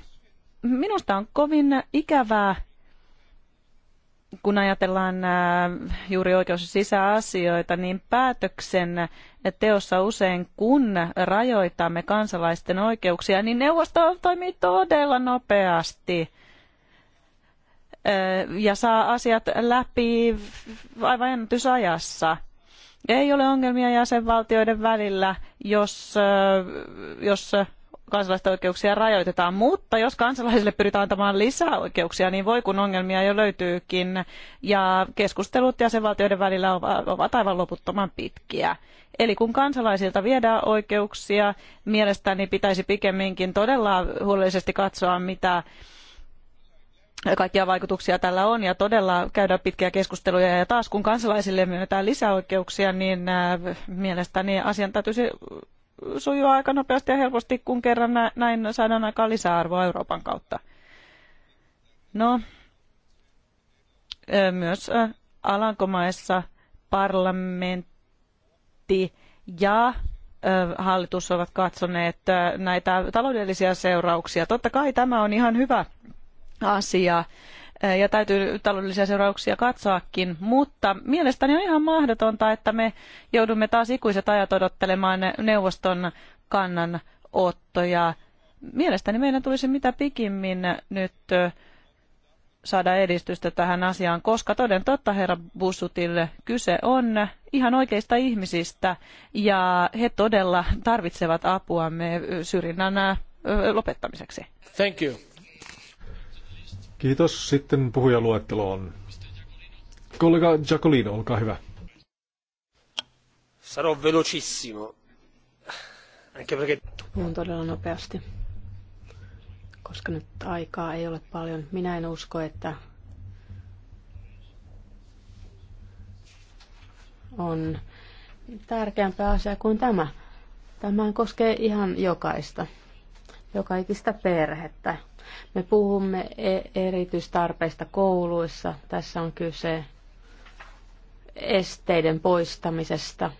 minusta on kovin ikävää, kun ajatellaan äh, juuri oikeus- ja sisäasioita, niin päätöksen teossa usein, kun rajoitamme kansalaisten oikeuksia, niin neuvosto toimii todella nopeasti äh, ja saa asiat läpi aivan ennätysajassa. Ei ole ongelmia jäsenvaltioiden välillä, jos, äh, jos kansalaisten oikeuksia rajoitetaan, mutta jos kansalaisille pyritään antamaan lisää oikeuksia, niin voi kun ongelmia jo löytyykin. Ja keskustelut jäsenvaltioiden välillä ovat aivan loputtoman pitkiä. Eli kun kansalaisilta viedään oikeuksia, mielestäni pitäisi pikemminkin todella huolellisesti katsoa, mitä kaikkia vaikutuksia tällä on ja todella käydä pitkiä keskusteluja. Ja taas kun kansalaisille myönnetään lisäoikeuksia, niin äh, mielestäni asian täytyisi sujuu aika nopeasti ja helposti, kun kerran näin saadaan aikaan lisäarvoa Euroopan kautta. No, myös Alankomaissa parlamentti ja hallitus ovat katsoneet näitä taloudellisia seurauksia. Totta kai tämä on ihan hyvä asia ja täytyy taloudellisia seurauksia katsoakin, mutta mielestäni on ihan mahdotonta, että me joudumme taas ikuiset ajat odottelemaan neuvoston kannanottoja. Mielestäni meidän tulisi mitä pikimmin nyt saada edistystä tähän asiaan, koska toden totta herra Bussutille kyse on ihan oikeista ihmisistä ja he todella tarvitsevat apuamme syrjinnän lopettamiseksi. Thank you. Kiitos. Sitten puhujaluettelo on. Kollega Giacolino, olkaa hyvä. Sarò velocissimo. Anche perché... Puhun todella nopeasti, koska nyt aikaa ei ole paljon. Minä en usko, että on tärkeämpää asia kuin tämä. Tämä koskee ihan jokaista, jokaikista perhettä me puhumme e- erityistarpeista kouluissa. Tässä on kyse esteiden poistamisesta.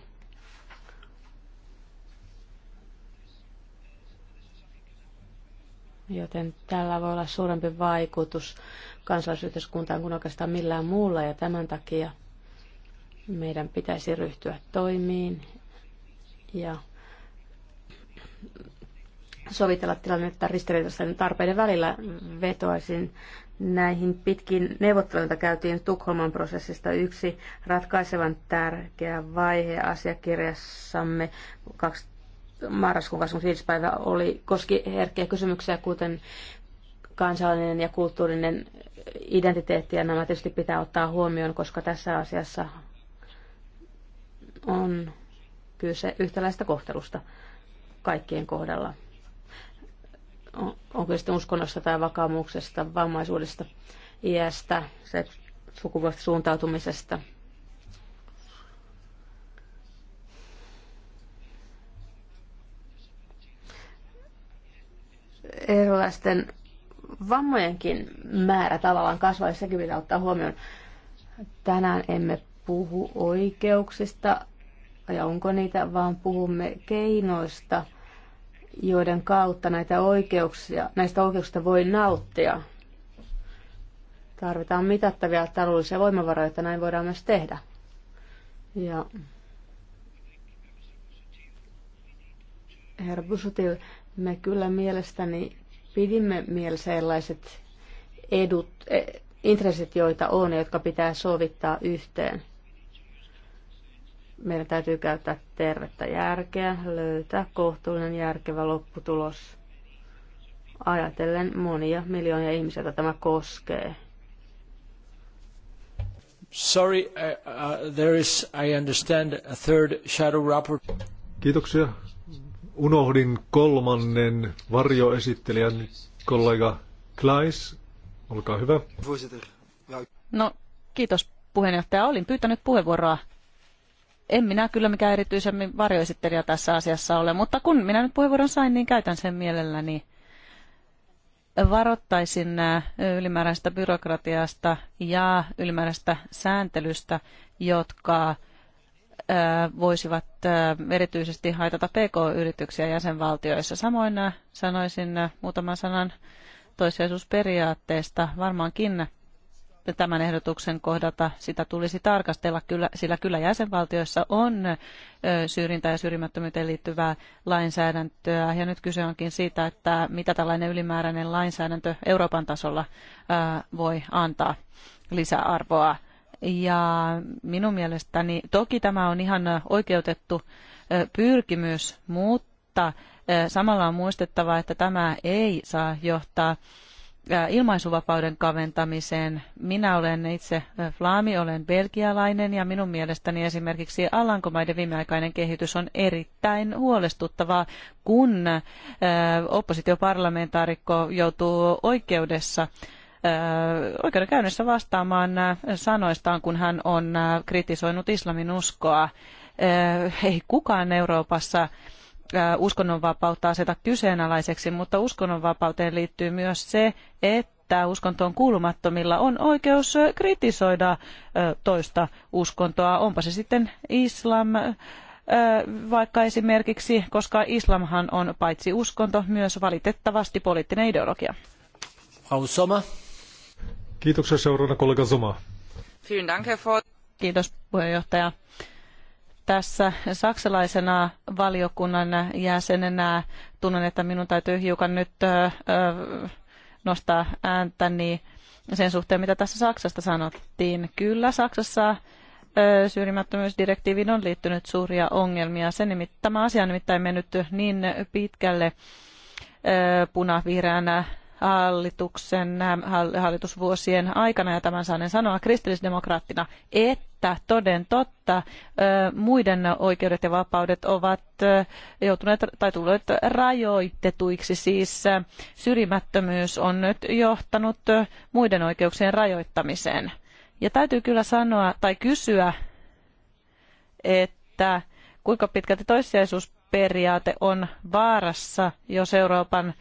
Joten tällä voi olla suurempi vaikutus kansalaisyhteiskuntaan kuin oikeastaan millään muulla ja tämän takia meidän pitäisi ryhtyä toimiin ja sovitella tilannetta ristiriitaisten tarpeiden välillä. Vetoaisin näihin pitkin neuvotteluita käytiin Tukholman prosessista yksi ratkaisevan tärkeä vaihe asiakirjassamme 2, marraskuun 25. päivä oli, koski herkkiä kysymyksiä, kuten kansallinen ja kulttuurinen identiteetti, ja nämä tietysti pitää ottaa huomioon, koska tässä asiassa on kyse yhtäläistä kohtelusta kaikkien kohdalla onko sitten uskonnosta tai vakaumuksesta, vammaisuudesta, iästä, sukupuolesta suuntautumisesta. Erilaisten vammojenkin määrä tavallaan kasvaa, ja sekin pitää ottaa huomioon. Tänään emme puhu oikeuksista ja onko niitä, vaan puhumme keinoista – joiden kautta näitä oikeuksia, näistä oikeuksista voi nauttia. Tarvitaan mitattavia taloudellisia voimavaroja, että näin voidaan myös tehdä. Ja herra Busutil, me kyllä mielestäni pidimme mielessä sellaiset edut, eh, intressit, joita on, jotka pitää sovittaa yhteen meidän täytyy käyttää tervettä järkeä, löytää kohtuullinen järkevä lopputulos ajatellen monia miljoonia ihmisiä, joita tämä koskee. Sorry, uh, uh, there is, I understand, a third shadow rapport. Kiitoksia. Unohdin kolmannen varjoesittelijän kollega Klais. Olkaa hyvä. No, kiitos puheenjohtaja. Olin pyytänyt puheenvuoroa en minä kyllä mikään erityisemmin varjoesittelijä tässä asiassa ole, mutta kun minä nyt puheenvuoron sain, niin käytän sen mielelläni. Varoittaisin äh, ylimääräistä byrokratiasta ja ylimääräistä sääntelystä, jotka äh, voisivat äh, erityisesti haitata PK-yrityksiä jäsenvaltioissa. Samoin sanoisin muutaman sanan toisiaisuusperiaatteesta Varmaankin tämän ehdotuksen kohdalta sitä tulisi tarkastella, kyllä, sillä kyllä jäsenvaltioissa on syrjintää ja syrjimättömyyteen liittyvää lainsäädäntöä. Ja nyt kyse onkin siitä, että mitä tällainen ylimääräinen lainsäädäntö Euroopan tasolla voi antaa lisäarvoa. Ja minun mielestäni toki tämä on ihan oikeutettu pyrkimys, mutta samalla on muistettava, että tämä ei saa johtaa Äh, ilmaisuvapauden kaventamiseen. Minä olen itse äh, Flaami, olen belgialainen ja minun mielestäni esimerkiksi Alankomaiden viimeaikainen kehitys on erittäin huolestuttavaa, kun äh, oppositioparlamentaarikko joutuu oikeudessa oikeudenkäynnissä vastaamaan sanoistaan, kun hän on kritisoinut islamin uskoa. Ei kukaan Euroopassa Äh, uskonnonvapautta aseta kyseenalaiseksi, mutta uskonnonvapauteen liittyy myös se, että uskontoon kuulumattomilla on oikeus äh, kritisoida äh, toista uskontoa, onpa se sitten islam, vaikka esimerkiksi, koska islamhan on paitsi uskonto, myös valitettavasti poliittinen ideologia. Soma. Kiitoksia seuraavana kollega Soma. Kiitos puheenjohtaja tässä saksalaisena valiokunnan jäsenenä tunnen, että minun täytyy hiukan nyt nostaa ääntäni sen suhteen, mitä tässä Saksasta sanottiin. Kyllä Saksassa syrjimättömyysdirektiiviin on liittynyt suuria ongelmia. Se nimitt- tämä asia on nimittäin mennyt niin pitkälle punavihreänä hallituksen hallitusvuosien aikana, ja tämän saanen sanoa kristillisdemokraattina, että että toden totta muiden oikeudet ja vapaudet ovat joutuneet tai tulleet rajoitetuiksi. Siis syrjimättömyys on nyt johtanut muiden oikeuksien rajoittamiseen. Ja täytyy kyllä sanoa tai kysyä, että kuinka pitkälti toissijaisuusperiaate on vaarassa, jos Euroopan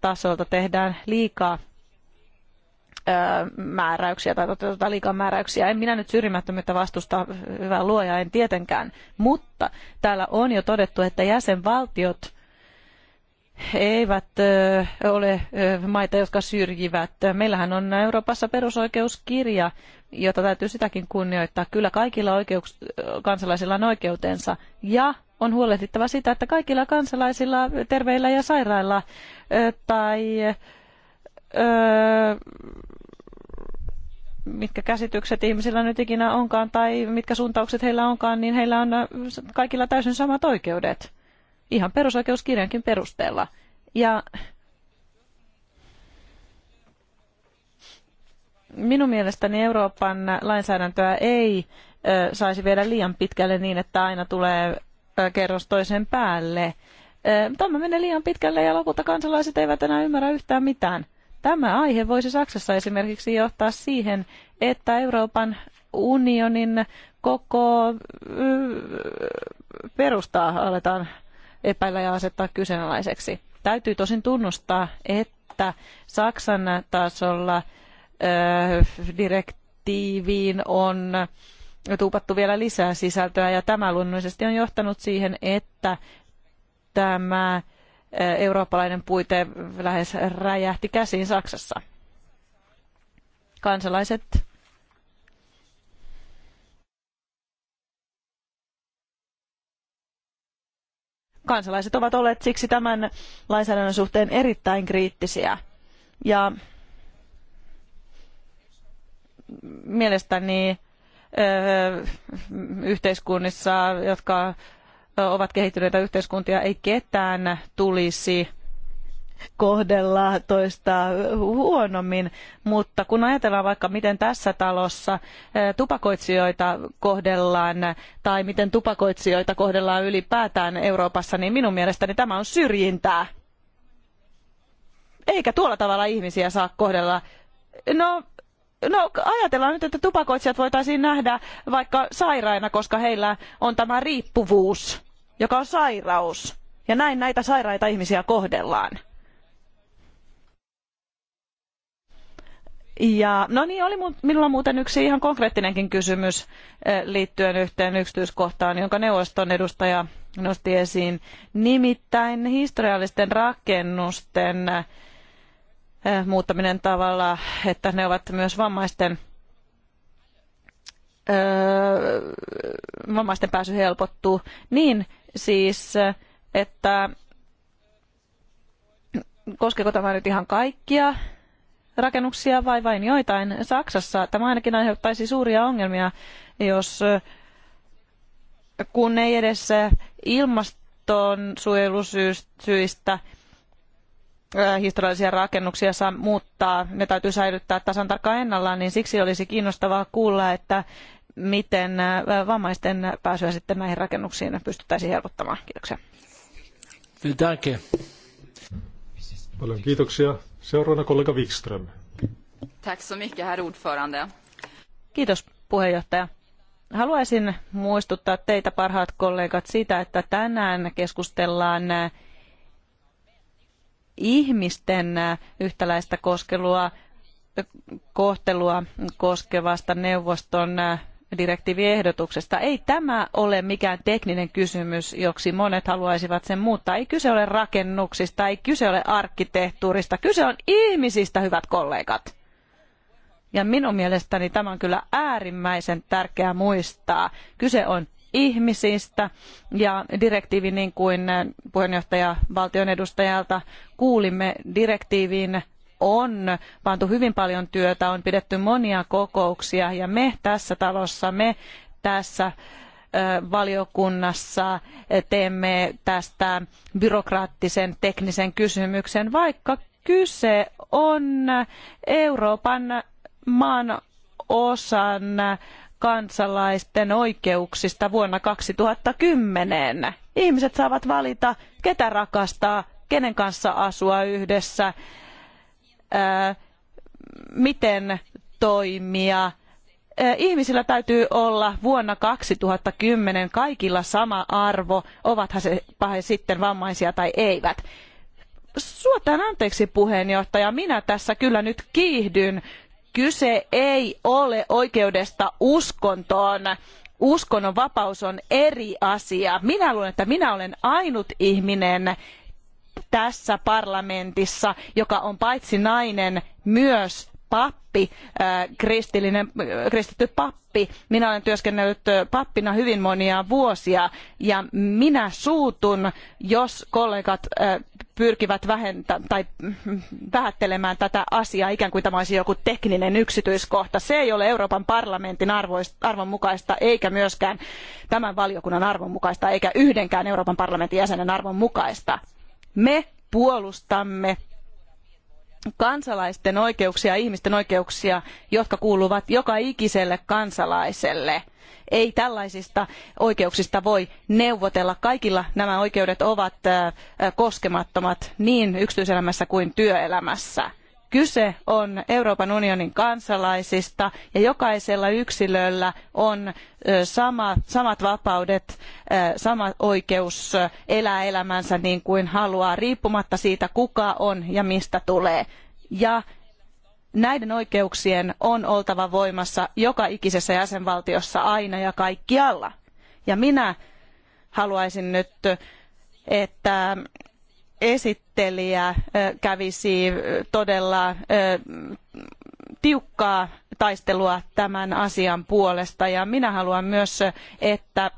tasolta tehdään liikaa määräyksiä tai toteutetaan liikaa määräyksiä. En minä nyt syrjimättömyyttä vastusta hyvää luojaa, en tietenkään, mutta täällä on jo todettu, että jäsenvaltiot eivät ole maita, jotka syrjivät. Meillähän on Euroopassa perusoikeuskirja, jota täytyy sitäkin kunnioittaa. Kyllä kaikilla oikeuks- kansalaisilla on oikeutensa ja on huolehdittava sitä, että kaikilla kansalaisilla, terveillä ja sairailla tai mitkä käsitykset ihmisillä nyt ikinä onkaan tai mitkä suuntaukset heillä onkaan, niin heillä on äh, kaikilla täysin samat oikeudet. Ihan perusoikeuskirjankin perusteella. Ja minun mielestäni Euroopan lainsäädäntöä ei saisi viedä liian pitkälle niin, että aina tulee kerros toisen päälle. Tämä menee liian pitkälle ja lopulta kansalaiset eivät enää ymmärrä yhtään mitään. Tämä aihe voisi Saksassa esimerkiksi johtaa siihen, että Euroopan unionin koko mm, perustaa aletaan epäillä ja asettaa kyseenalaiseksi. Täytyy tosin tunnustaa, että Saksan tasolla äh, direktiiviin on tuupattu vielä lisää sisältöä ja tämä luonnollisesti on johtanut siihen, että tämä eurooppalainen puite lähes räjähti käsiin Saksassa. Kansalaiset Kansalaiset ovat olleet siksi tämän lainsäädännön suhteen erittäin kriittisiä. Ja mielestäni yhteiskunnissa, jotka ovat kehittyneitä yhteiskuntia, ei ketään tulisi kohdella toista huonommin, mutta kun ajatellaan vaikka miten tässä talossa eh, tupakoitsijoita kohdellaan tai miten tupakoitsijoita kohdellaan ylipäätään Euroopassa, niin minun mielestäni tämä on syrjintää. Eikä tuolla tavalla ihmisiä saa kohdella. No, No ajatellaan nyt, että tupakoitsijat voitaisiin nähdä vaikka sairaina, koska heillä on tämä riippuvuus, joka on sairaus. Ja näin näitä sairaita ihmisiä kohdellaan. Ja, no niin, oli minulla muuten yksi ihan konkreettinenkin kysymys eh, liittyen yhteen yksityiskohtaan, jonka neuvoston edustaja nosti esiin. Nimittäin historiallisten rakennusten eh, muuttaminen tavalla, että ne ovat myös vammaisten, vammaisten pääsy helpottuu, niin siis, että koskeeko tämä nyt ihan kaikkia rakennuksia vai vain joitain. Saksassa tämä ainakin aiheuttaisi suuria ongelmia, jos kun ei edes ilmastonsuojelusyistä historiallisia rakennuksia saa muuttaa, ne täytyy säilyttää tasan tarkkaan ennallaan, niin siksi olisi kiinnostavaa kuulla, että miten vammaisten pääsyä sitten näihin rakennuksiin pystyttäisiin helpottamaan. Kiitoksia. Paljon kiitoksia. Seuraavana kollega Wikström. Tack så mycket, herr ordförande. Kiitos puheenjohtaja. Haluaisin muistuttaa teitä parhaat kollegat siitä, että tänään keskustellaan ihmisten äh, yhtäläistä koskelua, kohtelua koskevasta neuvoston äh, direktiiviehdotuksesta. Ei tämä ole mikään tekninen kysymys, joksi monet haluaisivat sen muuttaa. Ei kyse ole rakennuksista, ei kyse ole arkkitehtuurista, kyse on ihmisistä, hyvät kollegat. Ja minun mielestäni tämä on kyllä äärimmäisen tärkeää muistaa. Kyse on ihmisistä ja direktiivi, niin kuin puheenjohtaja valtion edustajalta kuulimme, direktiiviin on pantu hyvin paljon työtä, on pidetty monia kokouksia ja me tässä talossa, me tässä valiokunnassa teemme tästä byrokraattisen teknisen kysymyksen, vaikka kyse on Euroopan maan osan kansalaisten oikeuksista vuonna 2010. Ihmiset saavat valita, ketä rakastaa, kenen kanssa asua yhdessä, ää, miten toimia. Ihmisillä täytyy olla vuonna 2010 kaikilla sama arvo, ovathan se he sitten vammaisia tai eivät Suotan anteeksi puheenjohtaja, minä tässä kyllä nyt kiihdyn kyse ei ole oikeudesta uskontoon. Uskonnonvapaus on eri asia. Minä luulen, että minä olen ainut ihminen tässä parlamentissa, joka on paitsi nainen myös pappi, äh, kristillinen, äh, kristitty pappi. Minä olen työskennellyt äh, pappina hyvin monia vuosia ja minä suutun, jos kollegat pyrkivät vähentä, tai vähättelemään tätä asiaa ikään kuin tämä olisi joku tekninen yksityiskohta. Se ei ole Euroopan parlamentin arvon mukaista eikä myöskään tämän valiokunnan arvonmukaista mukaista eikä yhdenkään Euroopan parlamentin jäsenen arvonmukaista. mukaista. Me puolustamme kansalaisten oikeuksia, ihmisten oikeuksia, jotka kuuluvat joka ikiselle kansalaiselle. Ei tällaisista oikeuksista voi neuvotella. Kaikilla nämä oikeudet ovat äh, äh, koskemattomat niin yksityiselämässä kuin työelämässä Kyse on Euroopan unionin kansalaisista ja jokaisella yksilöllä on samat vapaudet, sama oikeus elää elämänsä niin kuin haluaa, riippumatta siitä kuka on ja mistä tulee. Ja näiden oikeuksien on oltava voimassa joka ikisessä jäsenvaltiossa aina ja kaikkialla. Ja minä haluaisin nyt, että esittelijä kävisi todella tiukkaa taistelua tämän asian puolesta ja minä haluan myös, että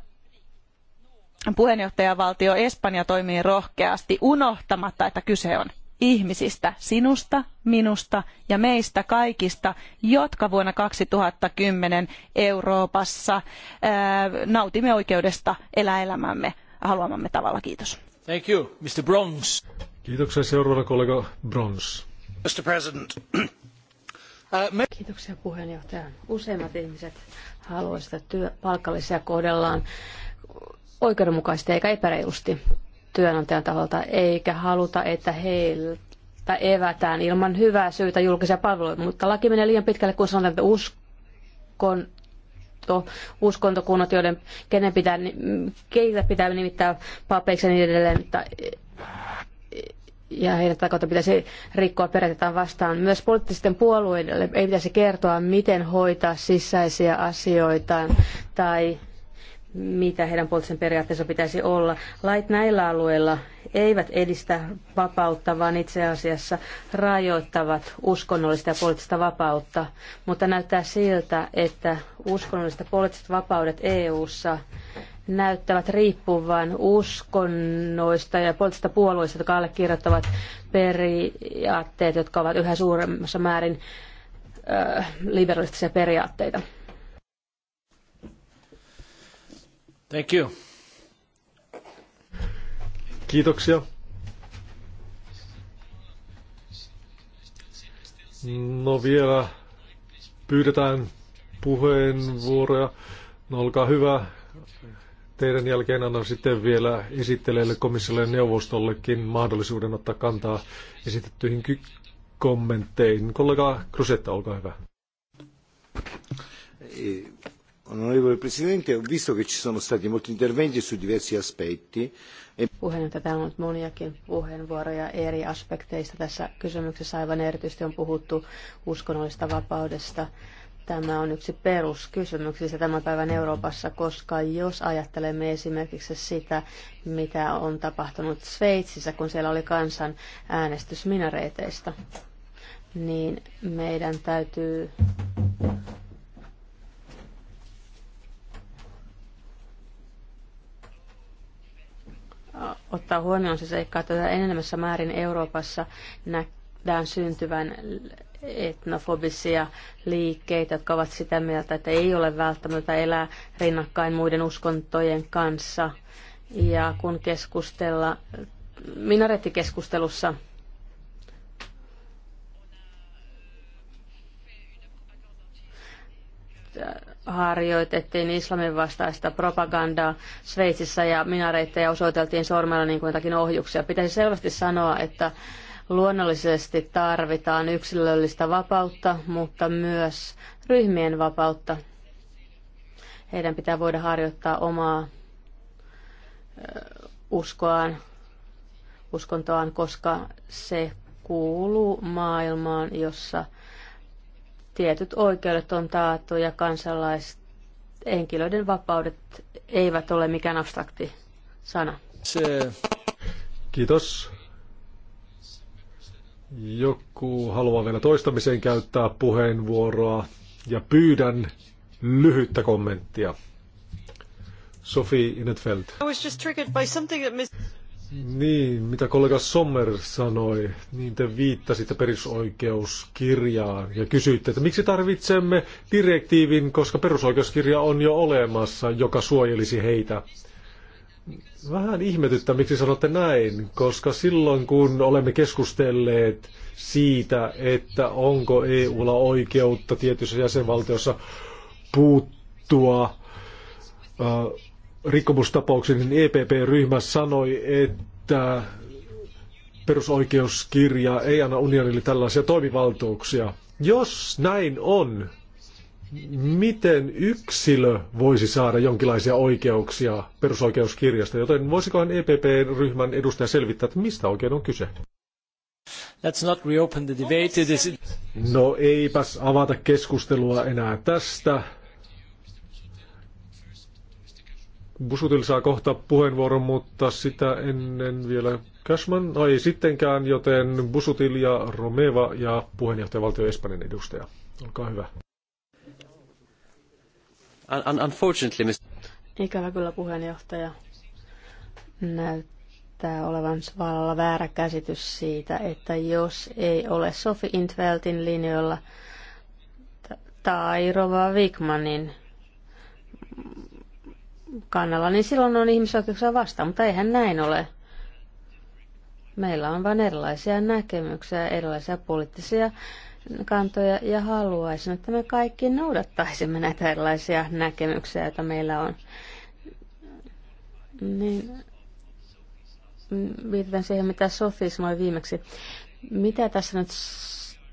puheenjohtajavaltio Espanja toimii rohkeasti unohtamatta, että kyse on ihmisistä, sinusta, minusta ja meistä kaikista, jotka vuonna 2010 Euroopassa nautimme oikeudesta elää elämämme haluamamme tavalla. Kiitos arvoisa puhemies Kiitoksia kollega Brons. Uh, Useimmat ihmiset haluaisivat, että palkallisia kohdellaan oikeudenmukaisesti eikä epäreilusti työnantajan taholta, eikä haluta, että heiltä evätään ilman hyvää syytä julkisia palveluita. Mutta laki menee liian pitkälle, kun sanotaan, että uskon uskontokunnat, joiden kenen pitää, keitä pitää nimittää papeiksi ja niin edelleen. Että, ja heidän takautta pitäisi rikkoa periaatetta vastaan. Myös poliittisten puolueiden ei pitäisi kertoa, miten hoitaa sisäisiä asioitaan tai mitä heidän poliittisen periaatteensa pitäisi olla. Lait näillä alueilla eivät edistä vapautta, vaan itse asiassa rajoittavat uskonnollista ja poliittista vapautta. Mutta näyttää siltä, että uskonnolliset ja poliittiset vapaudet EU:ssa näyttävät riippuvan uskonnoista ja poliittisista puolueista, jotka allekirjoittavat periaatteet, jotka ovat yhä suuremmassa määrin liberalistisia periaatteita. Thank you. Kiitoksia. No vielä pyydetään puheenvuoroja. No olkaa hyvä. Teidän jälkeen annan sitten vielä esittelijälle komissiolle ja neuvostollekin mahdollisuuden ottaa kantaa esitettyihin kommentteihin. Kollega Krusetta, olkaa hyvä. Eh, Onorevole Presidente, ho visto che ci sono stati molti interventi su diversi aspetti. E Puheenjohtaja, täällä on ollut moniakin puheenvuoroja eri aspekteista. Tässä kysymyksessä aivan erityisesti on puhuttu uskonnollista vapaudesta. Tämä on yksi peruskysymyksistä tämän päivän Euroopassa, koska jos ajattelemme esimerkiksi sitä, mitä on tapahtunut Sveitsissä, kun siellä oli kansan äänestys minareiteista, niin meidän täytyy ottaa huomioon se seikka, että enemmässä määrin Euroopassa nähdään syntyvän etnofobisia liikkeitä, jotka ovat sitä mieltä, että ei ole välttämättä elää rinnakkain muiden uskontojen kanssa. Ja kun keskustella minarettikeskustelussa keskustelussa harjoitettiin islamin vastaista propagandaa Sveitsissä ja minareittejä osoiteltiin sormella niin kuin jotakin ohjuksia. Pitäisi selvästi sanoa, että luonnollisesti tarvitaan yksilöllistä vapautta, mutta myös ryhmien vapautta. Heidän pitää voida harjoittaa omaa uskoaan, uskontoaan, koska se kuuluu maailmaan, jossa – tietyt oikeudet on taattu ja kansalaiset, henkilöiden vapaudet eivät ole mikään abstrakti sana. Se. Kiitos. Joku haluaa vielä toistamiseen käyttää puheenvuoroa ja pyydän lyhyttä kommenttia. Sophie Inetfeld. I was just triggered by something that niin, mitä kollega Sommer sanoi, niin te viittasitte perusoikeuskirjaan ja kysyitte, että miksi tarvitsemme direktiivin, koska perusoikeuskirja on jo olemassa, joka suojelisi heitä. Vähän ihmetyttä, miksi sanotte näin, koska silloin kun olemme keskustelleet siitä, että onko EUlla oikeutta tietyssä jäsenvaltiossa puuttua äh, rikkomustapauksia, niin EPP-ryhmä sanoi, että perusoikeuskirja ei anna unionille tällaisia toimivaltuuksia. Jos näin on, miten yksilö voisi saada jonkinlaisia oikeuksia perusoikeuskirjasta, joten voisikohan EPP-ryhmän edustaja selvittää, että mistä oikein on kyse? Let's not reopen the debate. No eipäs avata keskustelua enää tästä. Busutil saa kohta puheenvuoron, mutta sitä ennen vielä Cashman. No ei sittenkään, joten Busutil ja Romeva ja valtio Espanjan edustaja. Olkaa hyvä. Un- un- unfortunately, Mr. Ikävä kyllä puheenjohtaja. Näyttää olevan vallalla väärä käsitys siitä, että jos ei ole Sofi Intveltin linjoilla tai Rova Wigmanin kannalla, niin silloin on ihmisoikeuksia vastaan, mutta eihän näin ole. Meillä on vain erilaisia näkemyksiä, erilaisia poliittisia kantoja ja haluaisin, että me kaikki noudattaisimme näitä erilaisia näkemyksiä, joita meillä on. Niin, mm, viitataan siihen, mitä Sofi sanoi viimeksi. Mitä tässä nyt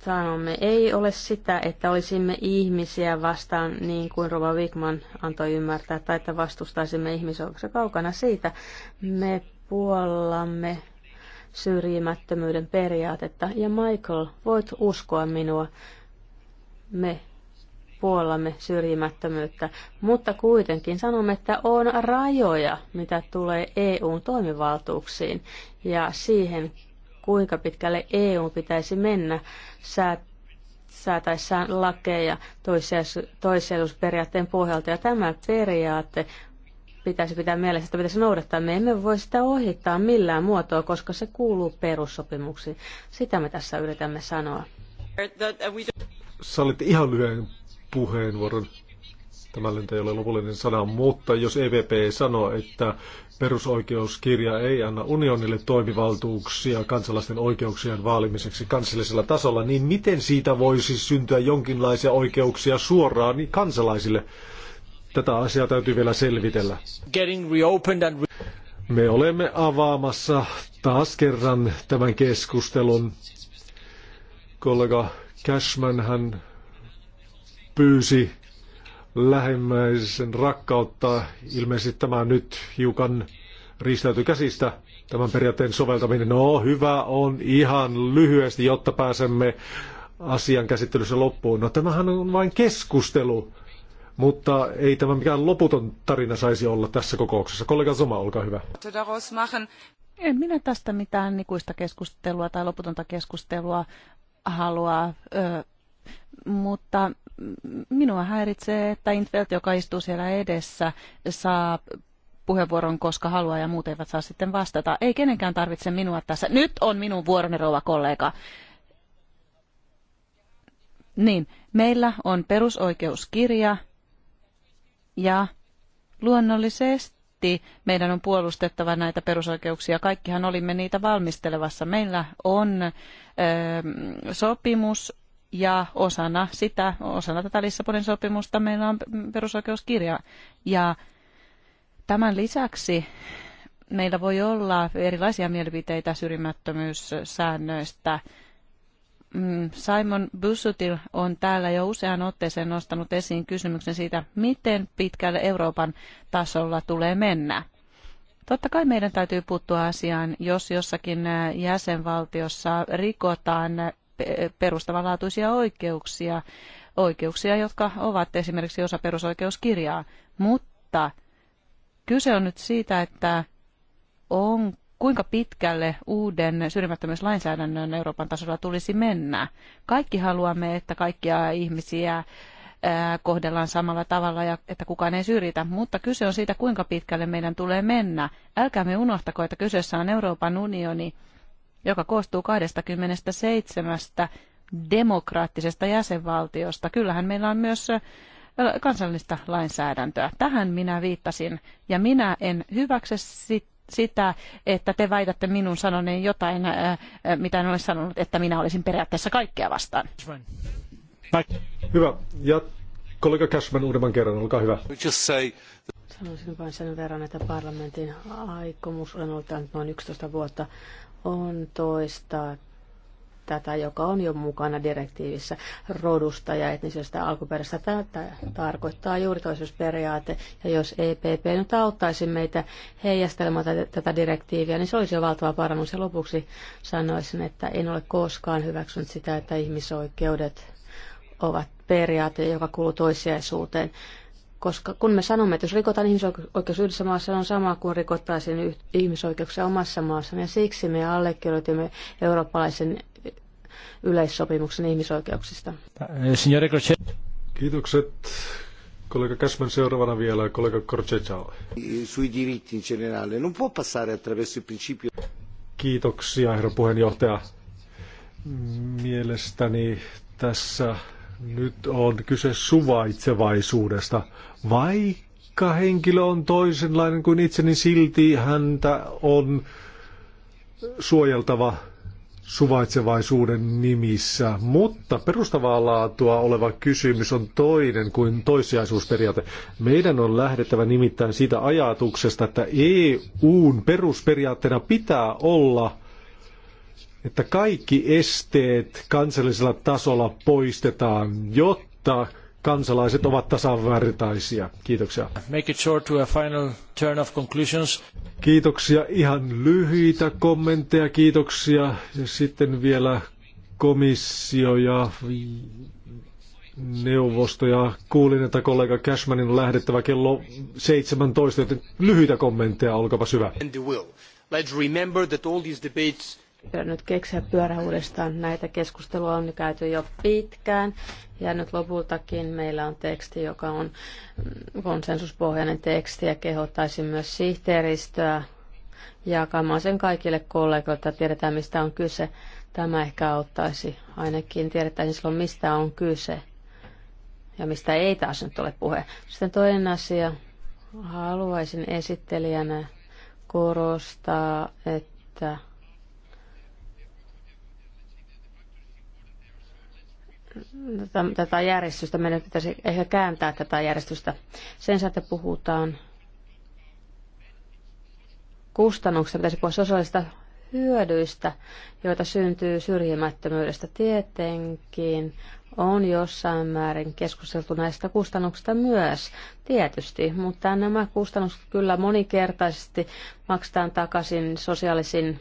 sanomme ei ole sitä, että olisimme ihmisiä vastaan niin kuin Rova Wigman antoi ymmärtää, tai että vastustaisimme ihmisoikeuksia kaukana siitä. Me puollamme syrjimättömyyden periaatetta. Ja Michael, voit uskoa minua, me puollamme syrjimättömyyttä, mutta kuitenkin sanomme, että on rajoja, mitä tulee EUn toimivaltuuksiin ja siihen, kuinka pitkälle EU pitäisi mennä säätäessään lakeja toisellusperiaatteen pohjalta. Ja tämä periaate pitäisi pitää mielessä, että pitäisi noudattaa. Me emme voi sitä ohittaa millään muotoa, koska se kuuluu perussopimuksiin. Sitä me tässä yritämme sanoa. Sallitte ihan lyhyen puheenvuoron. Tämä lento ei ole lopullinen sana, mutta jos EVP sanoo, että perusoikeuskirja ei anna unionille toimivaltuuksia kansalaisten oikeuksien vaalimiseksi kansallisella tasolla, niin miten siitä voisi syntyä jonkinlaisia oikeuksia suoraan kansalaisille? Tätä asiaa täytyy vielä selvitellä. Me olemme avaamassa taas kerran tämän keskustelun. Kollega Cashman hän pyysi Lähimmäisen rakkautta. Ilmeisesti tämä nyt hiukan riistäytyy käsistä. Tämän periaatteen soveltaminen, no hyvä on ihan lyhyesti, jotta pääsemme asian käsittelyssä loppuun. No tämähän on vain keskustelu, mutta ei tämä mikään loputon tarina saisi olla tässä kokouksessa. Kollega Zoma, olkaa hyvä. En minä tästä mitään nikuista keskustelua tai loputonta keskustelua halua ö, mutta minua häiritsee, että Intveld, joka istuu siellä edessä, saa puheenvuoron, koska haluaa ja muut eivät saa sitten vastata. Ei kenenkään tarvitse minua tässä. Nyt on minun vuoroni, rouva kollega. Niin, meillä on perusoikeuskirja ja luonnollisesti meidän on puolustettava näitä perusoikeuksia. Kaikkihan olimme niitä valmistelevassa. Meillä on ö, sopimus ja osana sitä, osana tätä Lissabonin sopimusta meillä on perusoikeuskirja. Ja tämän lisäksi meillä voi olla erilaisia mielipiteitä syrjimättömyyssäännöistä. Mm, Simon Bussutil on täällä jo usean otteeseen nostanut esiin kysymyksen siitä, miten pitkälle Euroopan tasolla tulee mennä. Totta kai meidän täytyy puuttua asiaan, jos jossakin jäsenvaltiossa rikotaan perustavanlaatuisia oikeuksia, oikeuksia, jotka ovat esimerkiksi osa perusoikeuskirjaa. Mutta kyse on nyt siitä, että on, kuinka pitkälle uuden syrjimättömyyslainsäädännön Euroopan tasolla tulisi mennä. Kaikki haluamme, että kaikkia ihmisiä kohdellaan samalla tavalla ja että kukaan ei syrjitä, mutta kyse on siitä, kuinka pitkälle meidän tulee mennä. Älkäämme unohtako, että kyseessä on Euroopan unioni joka koostuu 27 demokraattisesta jäsenvaltiosta. Kyllähän meillä on myös kansallista lainsäädäntöä. Tähän minä viittasin ja minä en hyväksy sitä, että te väitätte minun sanoneen jotain, mitä en ole sanonut, että minä olisin periaatteessa kaikkea vastaan. Hyvä. Ja kollega Cashman uudemman kerran, olkaa hyvä. Sanoisin vain sen verran, että parlamentin aikomus on ollut noin 11 vuotta on toista tätä, joka on jo mukana direktiivissä rodusta ja etnisestä alkuperästä. Tätä tarkoittaa juuri toisuusperiaate. Ja jos EPP nyt auttaisi meitä heijastelemaan tätä direktiiviä, niin se olisi jo valtava parannus. Ja lopuksi sanoisin, että en ole koskaan hyväksynyt sitä, että ihmisoikeudet ovat periaate, joka kuuluu toissijaisuuteen. Koska kun me sanomme, että jos rikotaan ihmisoikeus yhdessä maassa, on sama kuin rikottaisiin ihmisoikeuksia omassa maassa. Ja siksi me allekirjoitimme eurooppalaisen yleissopimuksen ihmisoikeuksista. Kiitokset. Kollega Cashman seuraavana vielä, kollega Corcecao. Sui diritti in generale. Non può passare attraverso il principio... Kiitoksia, herra puheenjohtaja. Mielestäni tässä nyt on kyse suvaitsevaisuudesta. Vaikka henkilö on toisenlainen kuin itse, niin silti häntä on suojeltava suvaitsevaisuuden nimissä, mutta perustavaa laatua oleva kysymys on toinen kuin toissijaisuusperiaate. Meidän on lähdettävä nimittäin siitä ajatuksesta, että EUn perusperiaatteena pitää olla että kaikki esteet kansallisella tasolla poistetaan, jotta kansalaiset ovat tasavertaisia. Kiitoksia. Make it short to a final turn of conclusions. Kiitoksia. Ihan lyhyitä kommentteja. Kiitoksia. Ja sitten vielä komissio ja neuvosto. Ja kuulin, että kollega Cashmanin on lähdettävä kello 17, joten lyhyitä kommentteja. Olkapa hyvä. And the will. Let's remember that all these debates nyt keksiä pyörä uudestaan. Näitä keskustelua on käyty jo pitkään ja nyt lopultakin meillä on teksti, joka on mm, konsensuspohjainen teksti ja kehottaisin myös sihteeristöä jakamaan sen kaikille kollegoille, että tiedetään mistä on kyse. Tämä ehkä auttaisi, ainakin tiedetään niin silloin mistä on kyse ja mistä ei taas nyt ole puhe. Sitten toinen asia, haluaisin esittelijänä korostaa, että tätä järjestystä. Meidän pitäisi ehkä kääntää tätä järjestystä. Sen sijaan, että puhutaan kustannuksista, pitäisi puhua sosiaalista hyödyistä, joita syntyy syrjimättömyydestä. Tietenkin on jossain määrin keskusteltu näistä kustannuksista myös, tietysti, mutta nämä kustannukset kyllä monikertaisesti maksetaan takaisin sosiaalisin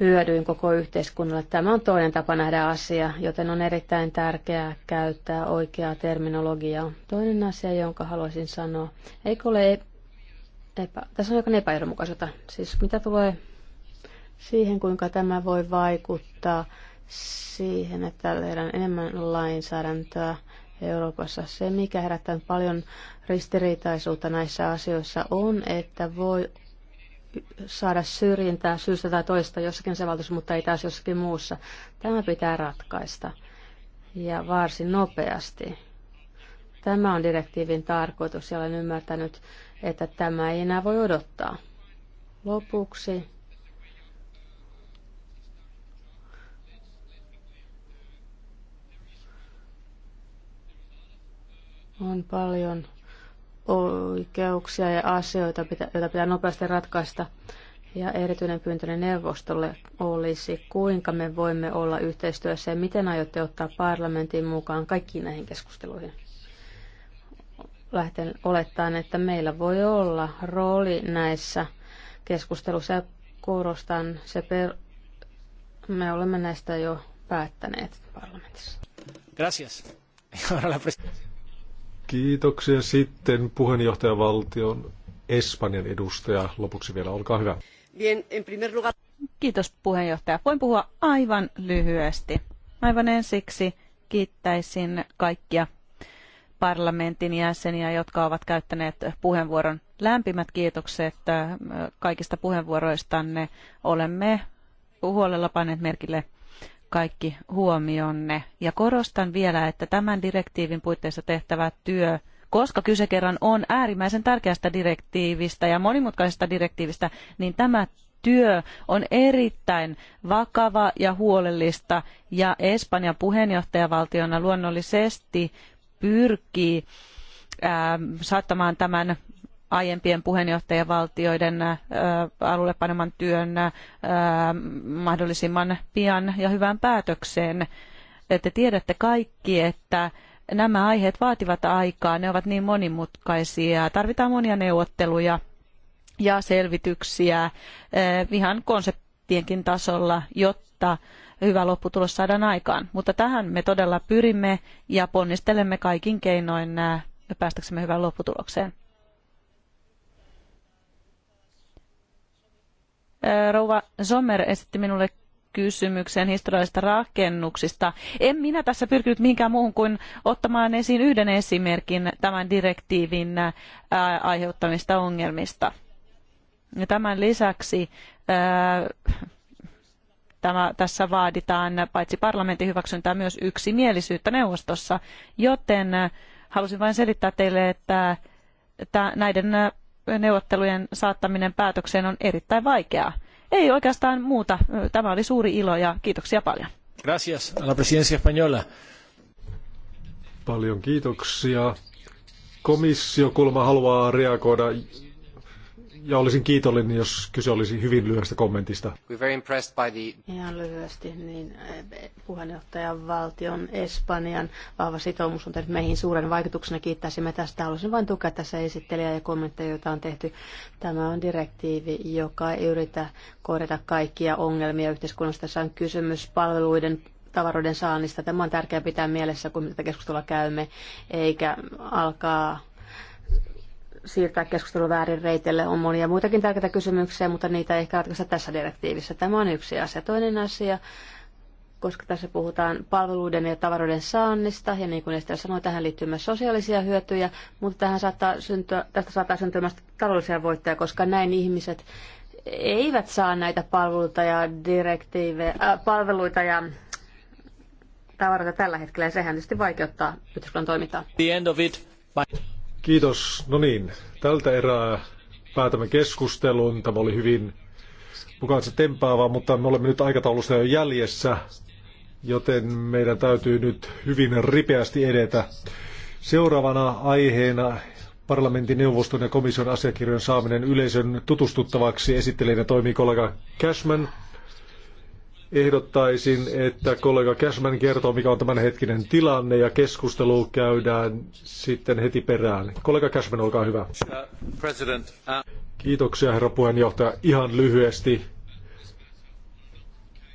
hyödyin koko yhteiskunnalle. Tämä on toinen tapa nähdä asia, joten on erittäin tärkeää käyttää oikeaa terminologiaa. Toinen asia, jonka haluaisin sanoa, eikö ole e- epä, tässä on jokin epäjohdonmukaisuutta. Siis mitä tulee siihen, kuinka tämä voi vaikuttaa siihen, että tehdään enemmän lainsäädäntöä Euroopassa. Se, mikä herättää paljon ristiriitaisuutta näissä asioissa, on, että voi saada syrjintää syystä tai toista jossakin se valtuus, mutta ei taas jossakin muussa. Tämä pitää ratkaista ja varsin nopeasti. Tämä on direktiivin tarkoitus ja olen ymmärtänyt, että tämä ei enää voi odottaa. Lopuksi on paljon oikeuksia ja asioita, joita pitää nopeasti ratkaista. Ja erityinen pyyntöni neuvostolle olisi, kuinka me voimme olla yhteistyössä ja miten aiotte ottaa parlamentin mukaan kaikkiin näihin keskusteluihin. Lähten olettaen, että meillä voi olla rooli näissä keskusteluissa ja korostan se per... Me olemme näistä jo päättäneet parlamentissa. Gracias. Kiitoksia. Sitten puheenjohtajavaltion Espanjan edustaja. Lopuksi vielä, olkaa hyvä. Kiitos puheenjohtaja. Voin puhua aivan lyhyesti. Aivan ensiksi kiittäisin kaikkia parlamentin jäseniä, jotka ovat käyttäneet puheenvuoron. Lämpimät kiitokset äh, kaikista puheenvuoroistanne. Olemme huolella panneet merkille kaikki huomionne. Ja korostan vielä, että tämän direktiivin puitteissa tehtävä työ, koska kyse kerran on äärimmäisen tärkeästä direktiivistä ja monimutkaisesta direktiivistä, niin tämä työ on erittäin vakava ja huolellista ja Espanjan puheenjohtajavaltiona luonnollisesti pyrkii saattamaan tämän aiempien puheenjohtajavaltioiden alulle paneman työn mahdollisimman pian ja hyvään päätökseen. Te tiedätte kaikki, että nämä aiheet vaativat aikaa, ne ovat niin monimutkaisia, tarvitaan monia neuvotteluja ja selvityksiä ihan konseptienkin tasolla, jotta hyvä lopputulos saadaan aikaan. Mutta tähän me todella pyrimme ja ponnistelemme kaikin keinoin päästäksemme hyvään lopputulokseen. Äh, rouva Sommer esitti minulle kysymyksen historiallisista rakennuksista. En minä tässä pyrkinyt mihinkään muuhun kuin ottamaan esiin yhden esimerkin tämän direktiivin äh, aiheuttamista ongelmista. Ja tämän lisäksi äh, tämä, tässä vaaditaan paitsi parlamentin hyväksyntää myös yksimielisyyttä neuvostossa, joten halusin vain selittää teille, että näiden neuvottelujen saattaminen päätökseen on erittäin vaikeaa. Ei oikeastaan muuta. Tämä oli suuri ilo ja kiitoksia paljon. Gracias a la presidencia española. Paljon kiitoksia. Komissio kulma haluaa reagoida ja olisin kiitollinen, jos kyse olisi hyvin lyhyestä kommentista. The... Ihan lyhyesti, niin eh, puheenjohtajan valtion Espanjan vahva sitoumus on tehnyt meihin suuren vaikutuksen ja kiittäisimme tästä. Haluaisin vain tukea tässä esittelijää ja kommentteja, joita on tehty. Tämä on direktiivi, joka ei yritä korjata kaikkia ongelmia yhteiskunnassa. Tässä on kysymys palveluiden tavaroiden saannista. Tämä on tärkeää pitää mielessä, kun tätä keskustelua käymme, eikä alkaa siirtää keskustelu väärin reitelle. On monia muitakin tärkeitä kysymyksiä, mutta niitä ei ehkä ratkaista tässä direktiivissä. Tämä on yksi asia. Toinen asia, koska tässä puhutaan palveluiden ja tavaroiden saannista, ja niin kuin Estel sanoi, tähän liittyy myös sosiaalisia hyötyjä, mutta tähän saattaa syntyä, tästä saattaa syntyä myös taloudellisia voittoja, koska näin ihmiset eivät saa näitä palveluita ja direktiivejä, äh, palveluita ja tavaroita tällä hetkellä, ja sehän tietysti vaikeuttaa yhteiskunnan toimintaa. The end of it. Bye. Kiitos. No niin, tältä erää päätämme keskustelun. Tämä oli hyvin se tempaava, mutta me olemme nyt aikataulussa jo jäljessä, joten meidän täytyy nyt hyvin ripeästi edetä. Seuraavana aiheena parlamentin neuvoston ja komission asiakirjojen saaminen yleisön tutustuttavaksi esittelijänä toimii kollega Cashman ehdottaisin, että kollega Cashman kertoo, mikä on tämänhetkinen tilanne ja keskustelu käydään sitten heti perään. Kollega Cashman, olkaa hyvä. Uh- Kiitoksia, herra puheenjohtaja. Ihan lyhyesti,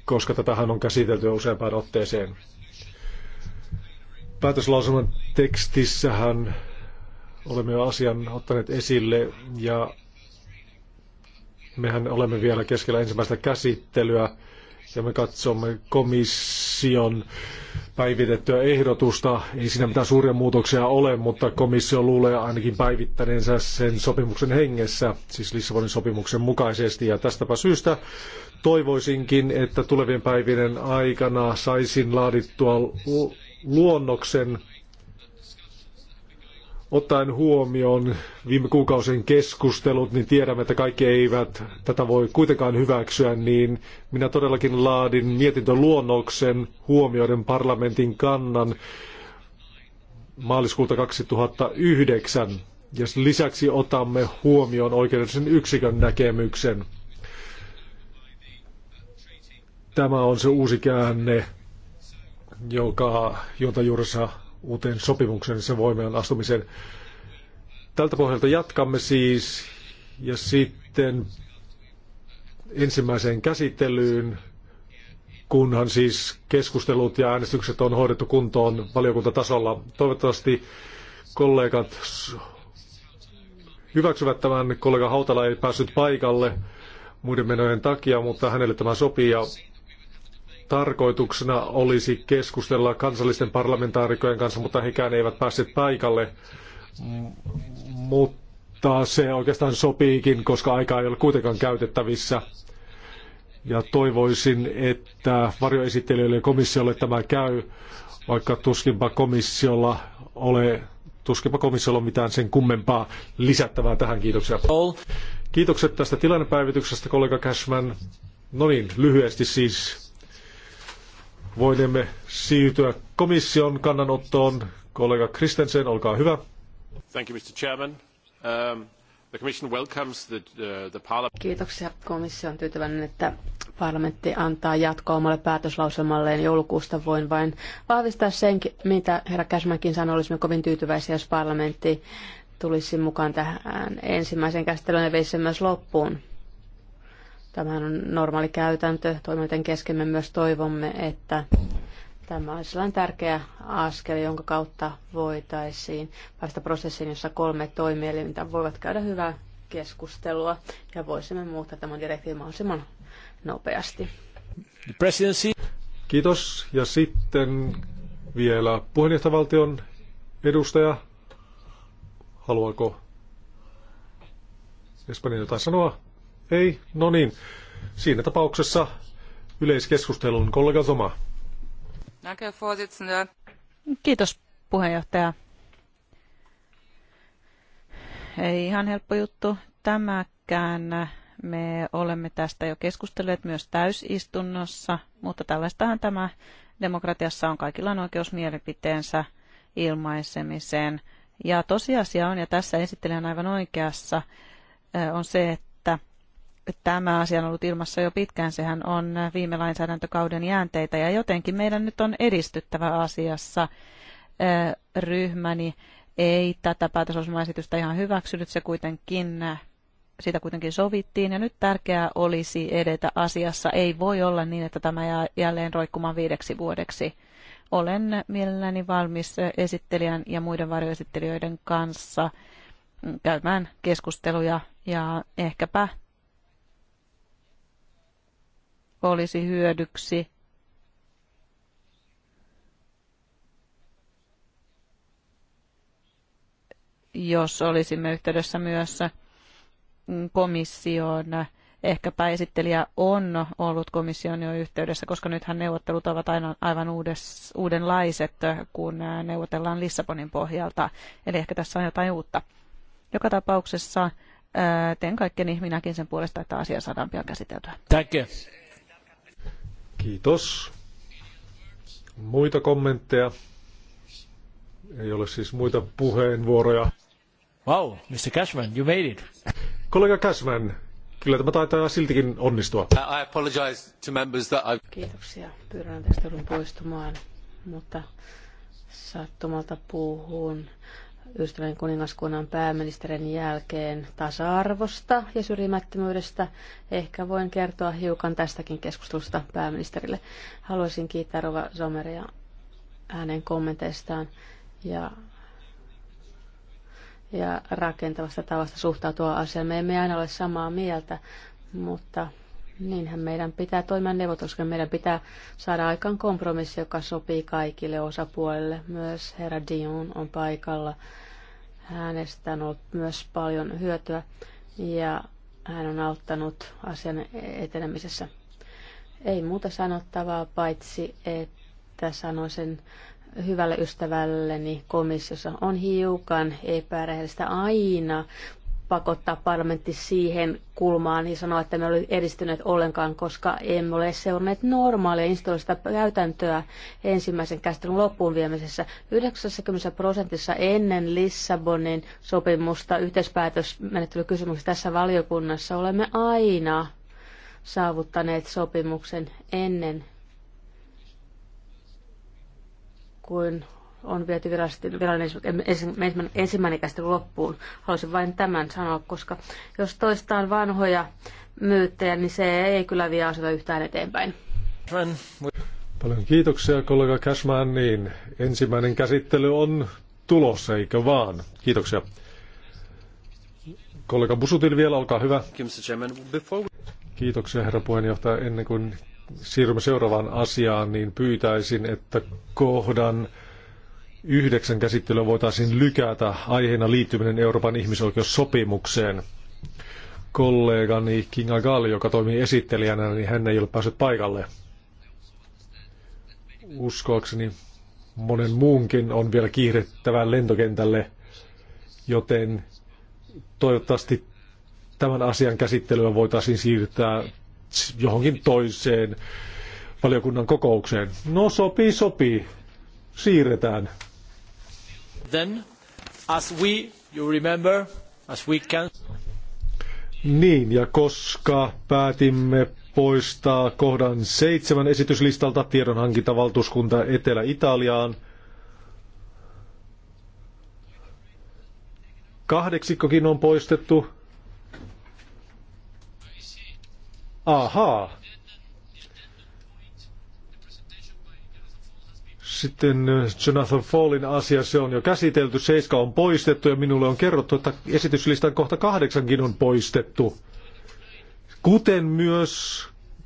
koska tätähän on käsitelty useampaan otteeseen. Päätöslausunnon tekstissähän olemme jo asian ottaneet esille ja mehän olemme vielä keskellä ensimmäistä käsittelyä ja me katsomme komission päivitettyä ehdotusta. Ei siinä mitään suuria muutoksia ole, mutta komissio luulee ainakin päivittäneensä sen sopimuksen hengessä, siis Lissabonin sopimuksen mukaisesti. Ja tästäpä syystä toivoisinkin, että tulevien päivien aikana saisin laadittua luonnoksen Ottaen huomioon viime kuukausien keskustelut, niin tiedämme, että kaikki eivät tätä voi kuitenkaan hyväksyä, niin minä todellakin laadin mietintöluonnoksen huomioiden parlamentin kannan maaliskuuta 2009. Ja lisäksi otamme huomioon oikeudellisen yksikön näkemyksen. Tämä on se uusi käänne, joka, jota Jursa uuteen sopimuksen sen voimaan astumisen. Tältä pohjalta jatkamme siis ja sitten ensimmäiseen käsittelyyn, kunhan siis keskustelut ja äänestykset on hoidettu kuntoon valiokuntatasolla. Toivottavasti kollegat hyväksyvät tämän. Kollega Hautala ei päässyt paikalle muiden menojen takia, mutta hänelle tämä sopii ja tarkoituksena olisi keskustella kansallisten parlamentaarikojen kanssa, mutta hekään eivät päässeet paikalle. mutta se oikeastaan sopiikin, koska aikaa ei ole kuitenkaan käytettävissä. Ja toivoisin, että varjoesittelijöille ja komissiolle tämä käy, vaikka tuskinpa komissiolla ole tuskinpa komissiolla on mitään sen kummempaa lisättävää tähän. Kiitoksia. Kiitokset tästä tilannepäivityksestä, kollega Cashman. No niin, lyhyesti siis voinemme siirtyä komission kannanottoon. Kollega Kristensen, olkaa hyvä. Thank you, Mr. Chairman. Um, the Commission welcomes the, the parliament. Kiitoksia. Komissio on tyytyväinen, että parlamentti antaa jatkoa omalle päätöslauselmalleen joulukuusta. Voin vain vahvistaa sen, mitä herra Käsmäkin sanoi, olisimme kovin tyytyväisiä, jos parlamentti tulisi mukaan tähän ensimmäiseen käsittelyyn ja veisi sen myös loppuun. Tämähän on normaali käytäntö. Toimijoiden me myös toivomme, että tämä on sellainen tärkeä askel, jonka kautta voitaisiin päästä prosessiin, jossa kolme toimielintä voivat käydä hyvää keskustelua ja voisimme muuttaa tämän direktiivin mahdollisimman nopeasti. Presidency. Kiitos. Ja sitten vielä puheenjohtavaltion edustaja. Haluaako Espanja jotain sanoa? Ei? No niin. Siinä tapauksessa yleiskeskustelun kollega Zoma. Kiitos puheenjohtaja. Ei ihan helppo juttu tämäkään. Me olemme tästä jo keskustelleet myös täysistunnossa, mutta tällaistahan tämä demokratiassa on kaikilla on oikeus mielipiteensä ilmaisemiseen. Ja tosiasia on, ja tässä esittelijä on aivan oikeassa, on se, tämä asia on ollut ilmassa jo pitkään. Sehän on viime lainsäädäntökauden jäänteitä ja jotenkin meidän nyt on edistyttävä asiassa ryhmäni ei tätä päätösosmaesitystä ihan hyväksynyt. Se kuitenkin, siitä kuitenkin sovittiin ja nyt tärkeää olisi edetä asiassa. Ei voi olla niin, että tämä jää jälleen roikkumaan viideksi vuodeksi. Olen mielelläni valmis esittelijän ja muiden varjoesittelijöiden kanssa käymään keskusteluja ja ehkäpä olisi hyödyksi. jos olisimme yhteydessä myös komissioon. Ehkäpä esittelijä on ollut komission jo yhteydessä, koska nythän neuvottelut ovat aina, aivan uudes, uudenlaiset, kun neuvotellaan Lissabonin pohjalta. Eli ehkä tässä on jotain uutta. Joka tapauksessa teen kaikkeni minäkin sen puolesta, että asia saadaan pian käsiteltyä. Thank you. Kiitos. Muita kommentteja? Ei ole siis muita puheenvuoroja. Wow, Mr. Cashman, you made it. Kollega Cashman, kyllä tämä taitaa siltikin onnistua. I apologize to members that I've... Kiitoksia. Pyydän tästä poistumaan, mutta sattumalta puhun Yhdistyneen kuningaskunnan pääministerin jälkeen tasa-arvosta ja syrjimättömyydestä. Ehkä voin kertoa hiukan tästäkin keskustelusta pääministerille. Haluaisin kiittää Rova Someria hänen kommenteistaan ja, ja rakentavasta tavasta suhtautua asiaan. Me emme aina ole samaa mieltä, mutta Niinhän meidän pitää toimia neuvottelussa, meidän pitää saada aikaan kompromissi, joka sopii kaikille osapuolille. Myös herra Dion on paikalla. Hänestä on ollut myös paljon hyötyä ja hän on auttanut asian etenemisessä. Ei muuta sanottavaa, paitsi että sanoisin hyvälle ystävälleni komissiossa on hiukan epärehellistä aina pakottaa parlamentti siihen kulmaan ja sanoa, että me olemme edistyneet ollenkaan, koska emme ole seuranneet normaalia instituutista käytäntöä ensimmäisen käsittelyn loppuun viemisessä. 90 prosentissa ennen Lissabonin sopimusta yhteispäätösmenettelykysymyksessä tässä valiokunnassa olemme aina saavuttaneet sopimuksen ennen kuin on viety virallinen ensimmäinen käsittely loppuun. Haluaisin vain tämän sanoa, koska jos toistaan vanhoja myyttejä, niin se ei kyllä vie asioita yhtään eteenpäin. Paljon kiitoksia kollega Cashman. Niin, ensimmäinen käsittely on tulossa, eikö vaan? Kiitoksia. Kollega Busutil vielä, olkaa hyvä. Kiitoksia herra puheenjohtaja. Ennen kuin siirrymme seuraavaan asiaan, niin pyytäisin, että kohdan yhdeksän käsittelyä voitaisiin lykätä aiheena liittyminen Euroopan ihmisoikeussopimukseen. Kollegani Kinga Galli, joka toimii esittelijänä, niin hän ei ole päässyt paikalle. Uskoakseni monen muunkin on vielä kiirettävä lentokentälle, joten toivottavasti tämän asian käsittelyä voitaisiin siirtää johonkin toiseen valiokunnan kokoukseen. No sopii, sopii. Siirretään. Then, as we, you remember, as we can... Niin, ja koska päätimme poistaa kohdan seitsemän esityslistalta tiedonhankintavaltuuskunta Etelä-Italiaan, kahdeksikkokin on poistettu. Ahaa. Sitten äh, Jonathan Fallin asia, se on jo käsitelty, seiska on poistettu ja minulle on kerrottu, että esityslistan kohta kahdeksankin on poistettu. Kuten myös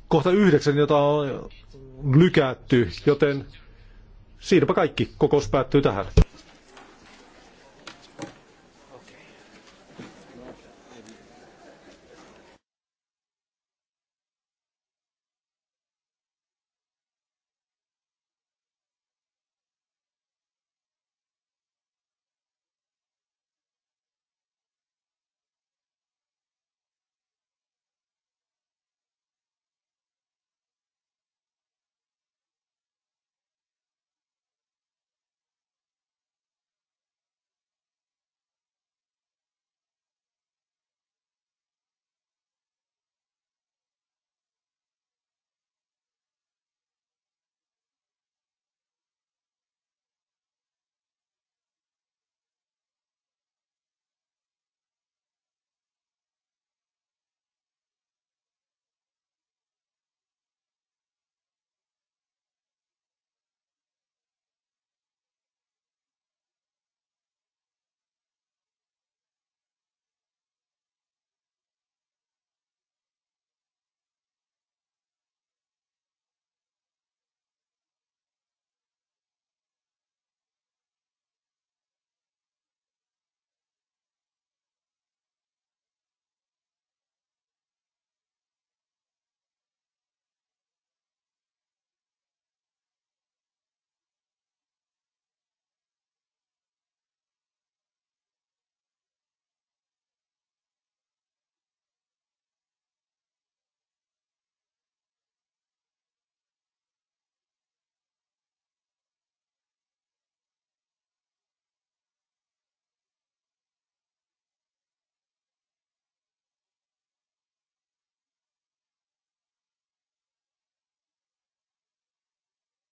kohta yhdeksän, jota on lykätty, joten siinäpä kaikki. Kokous päättyy tähän.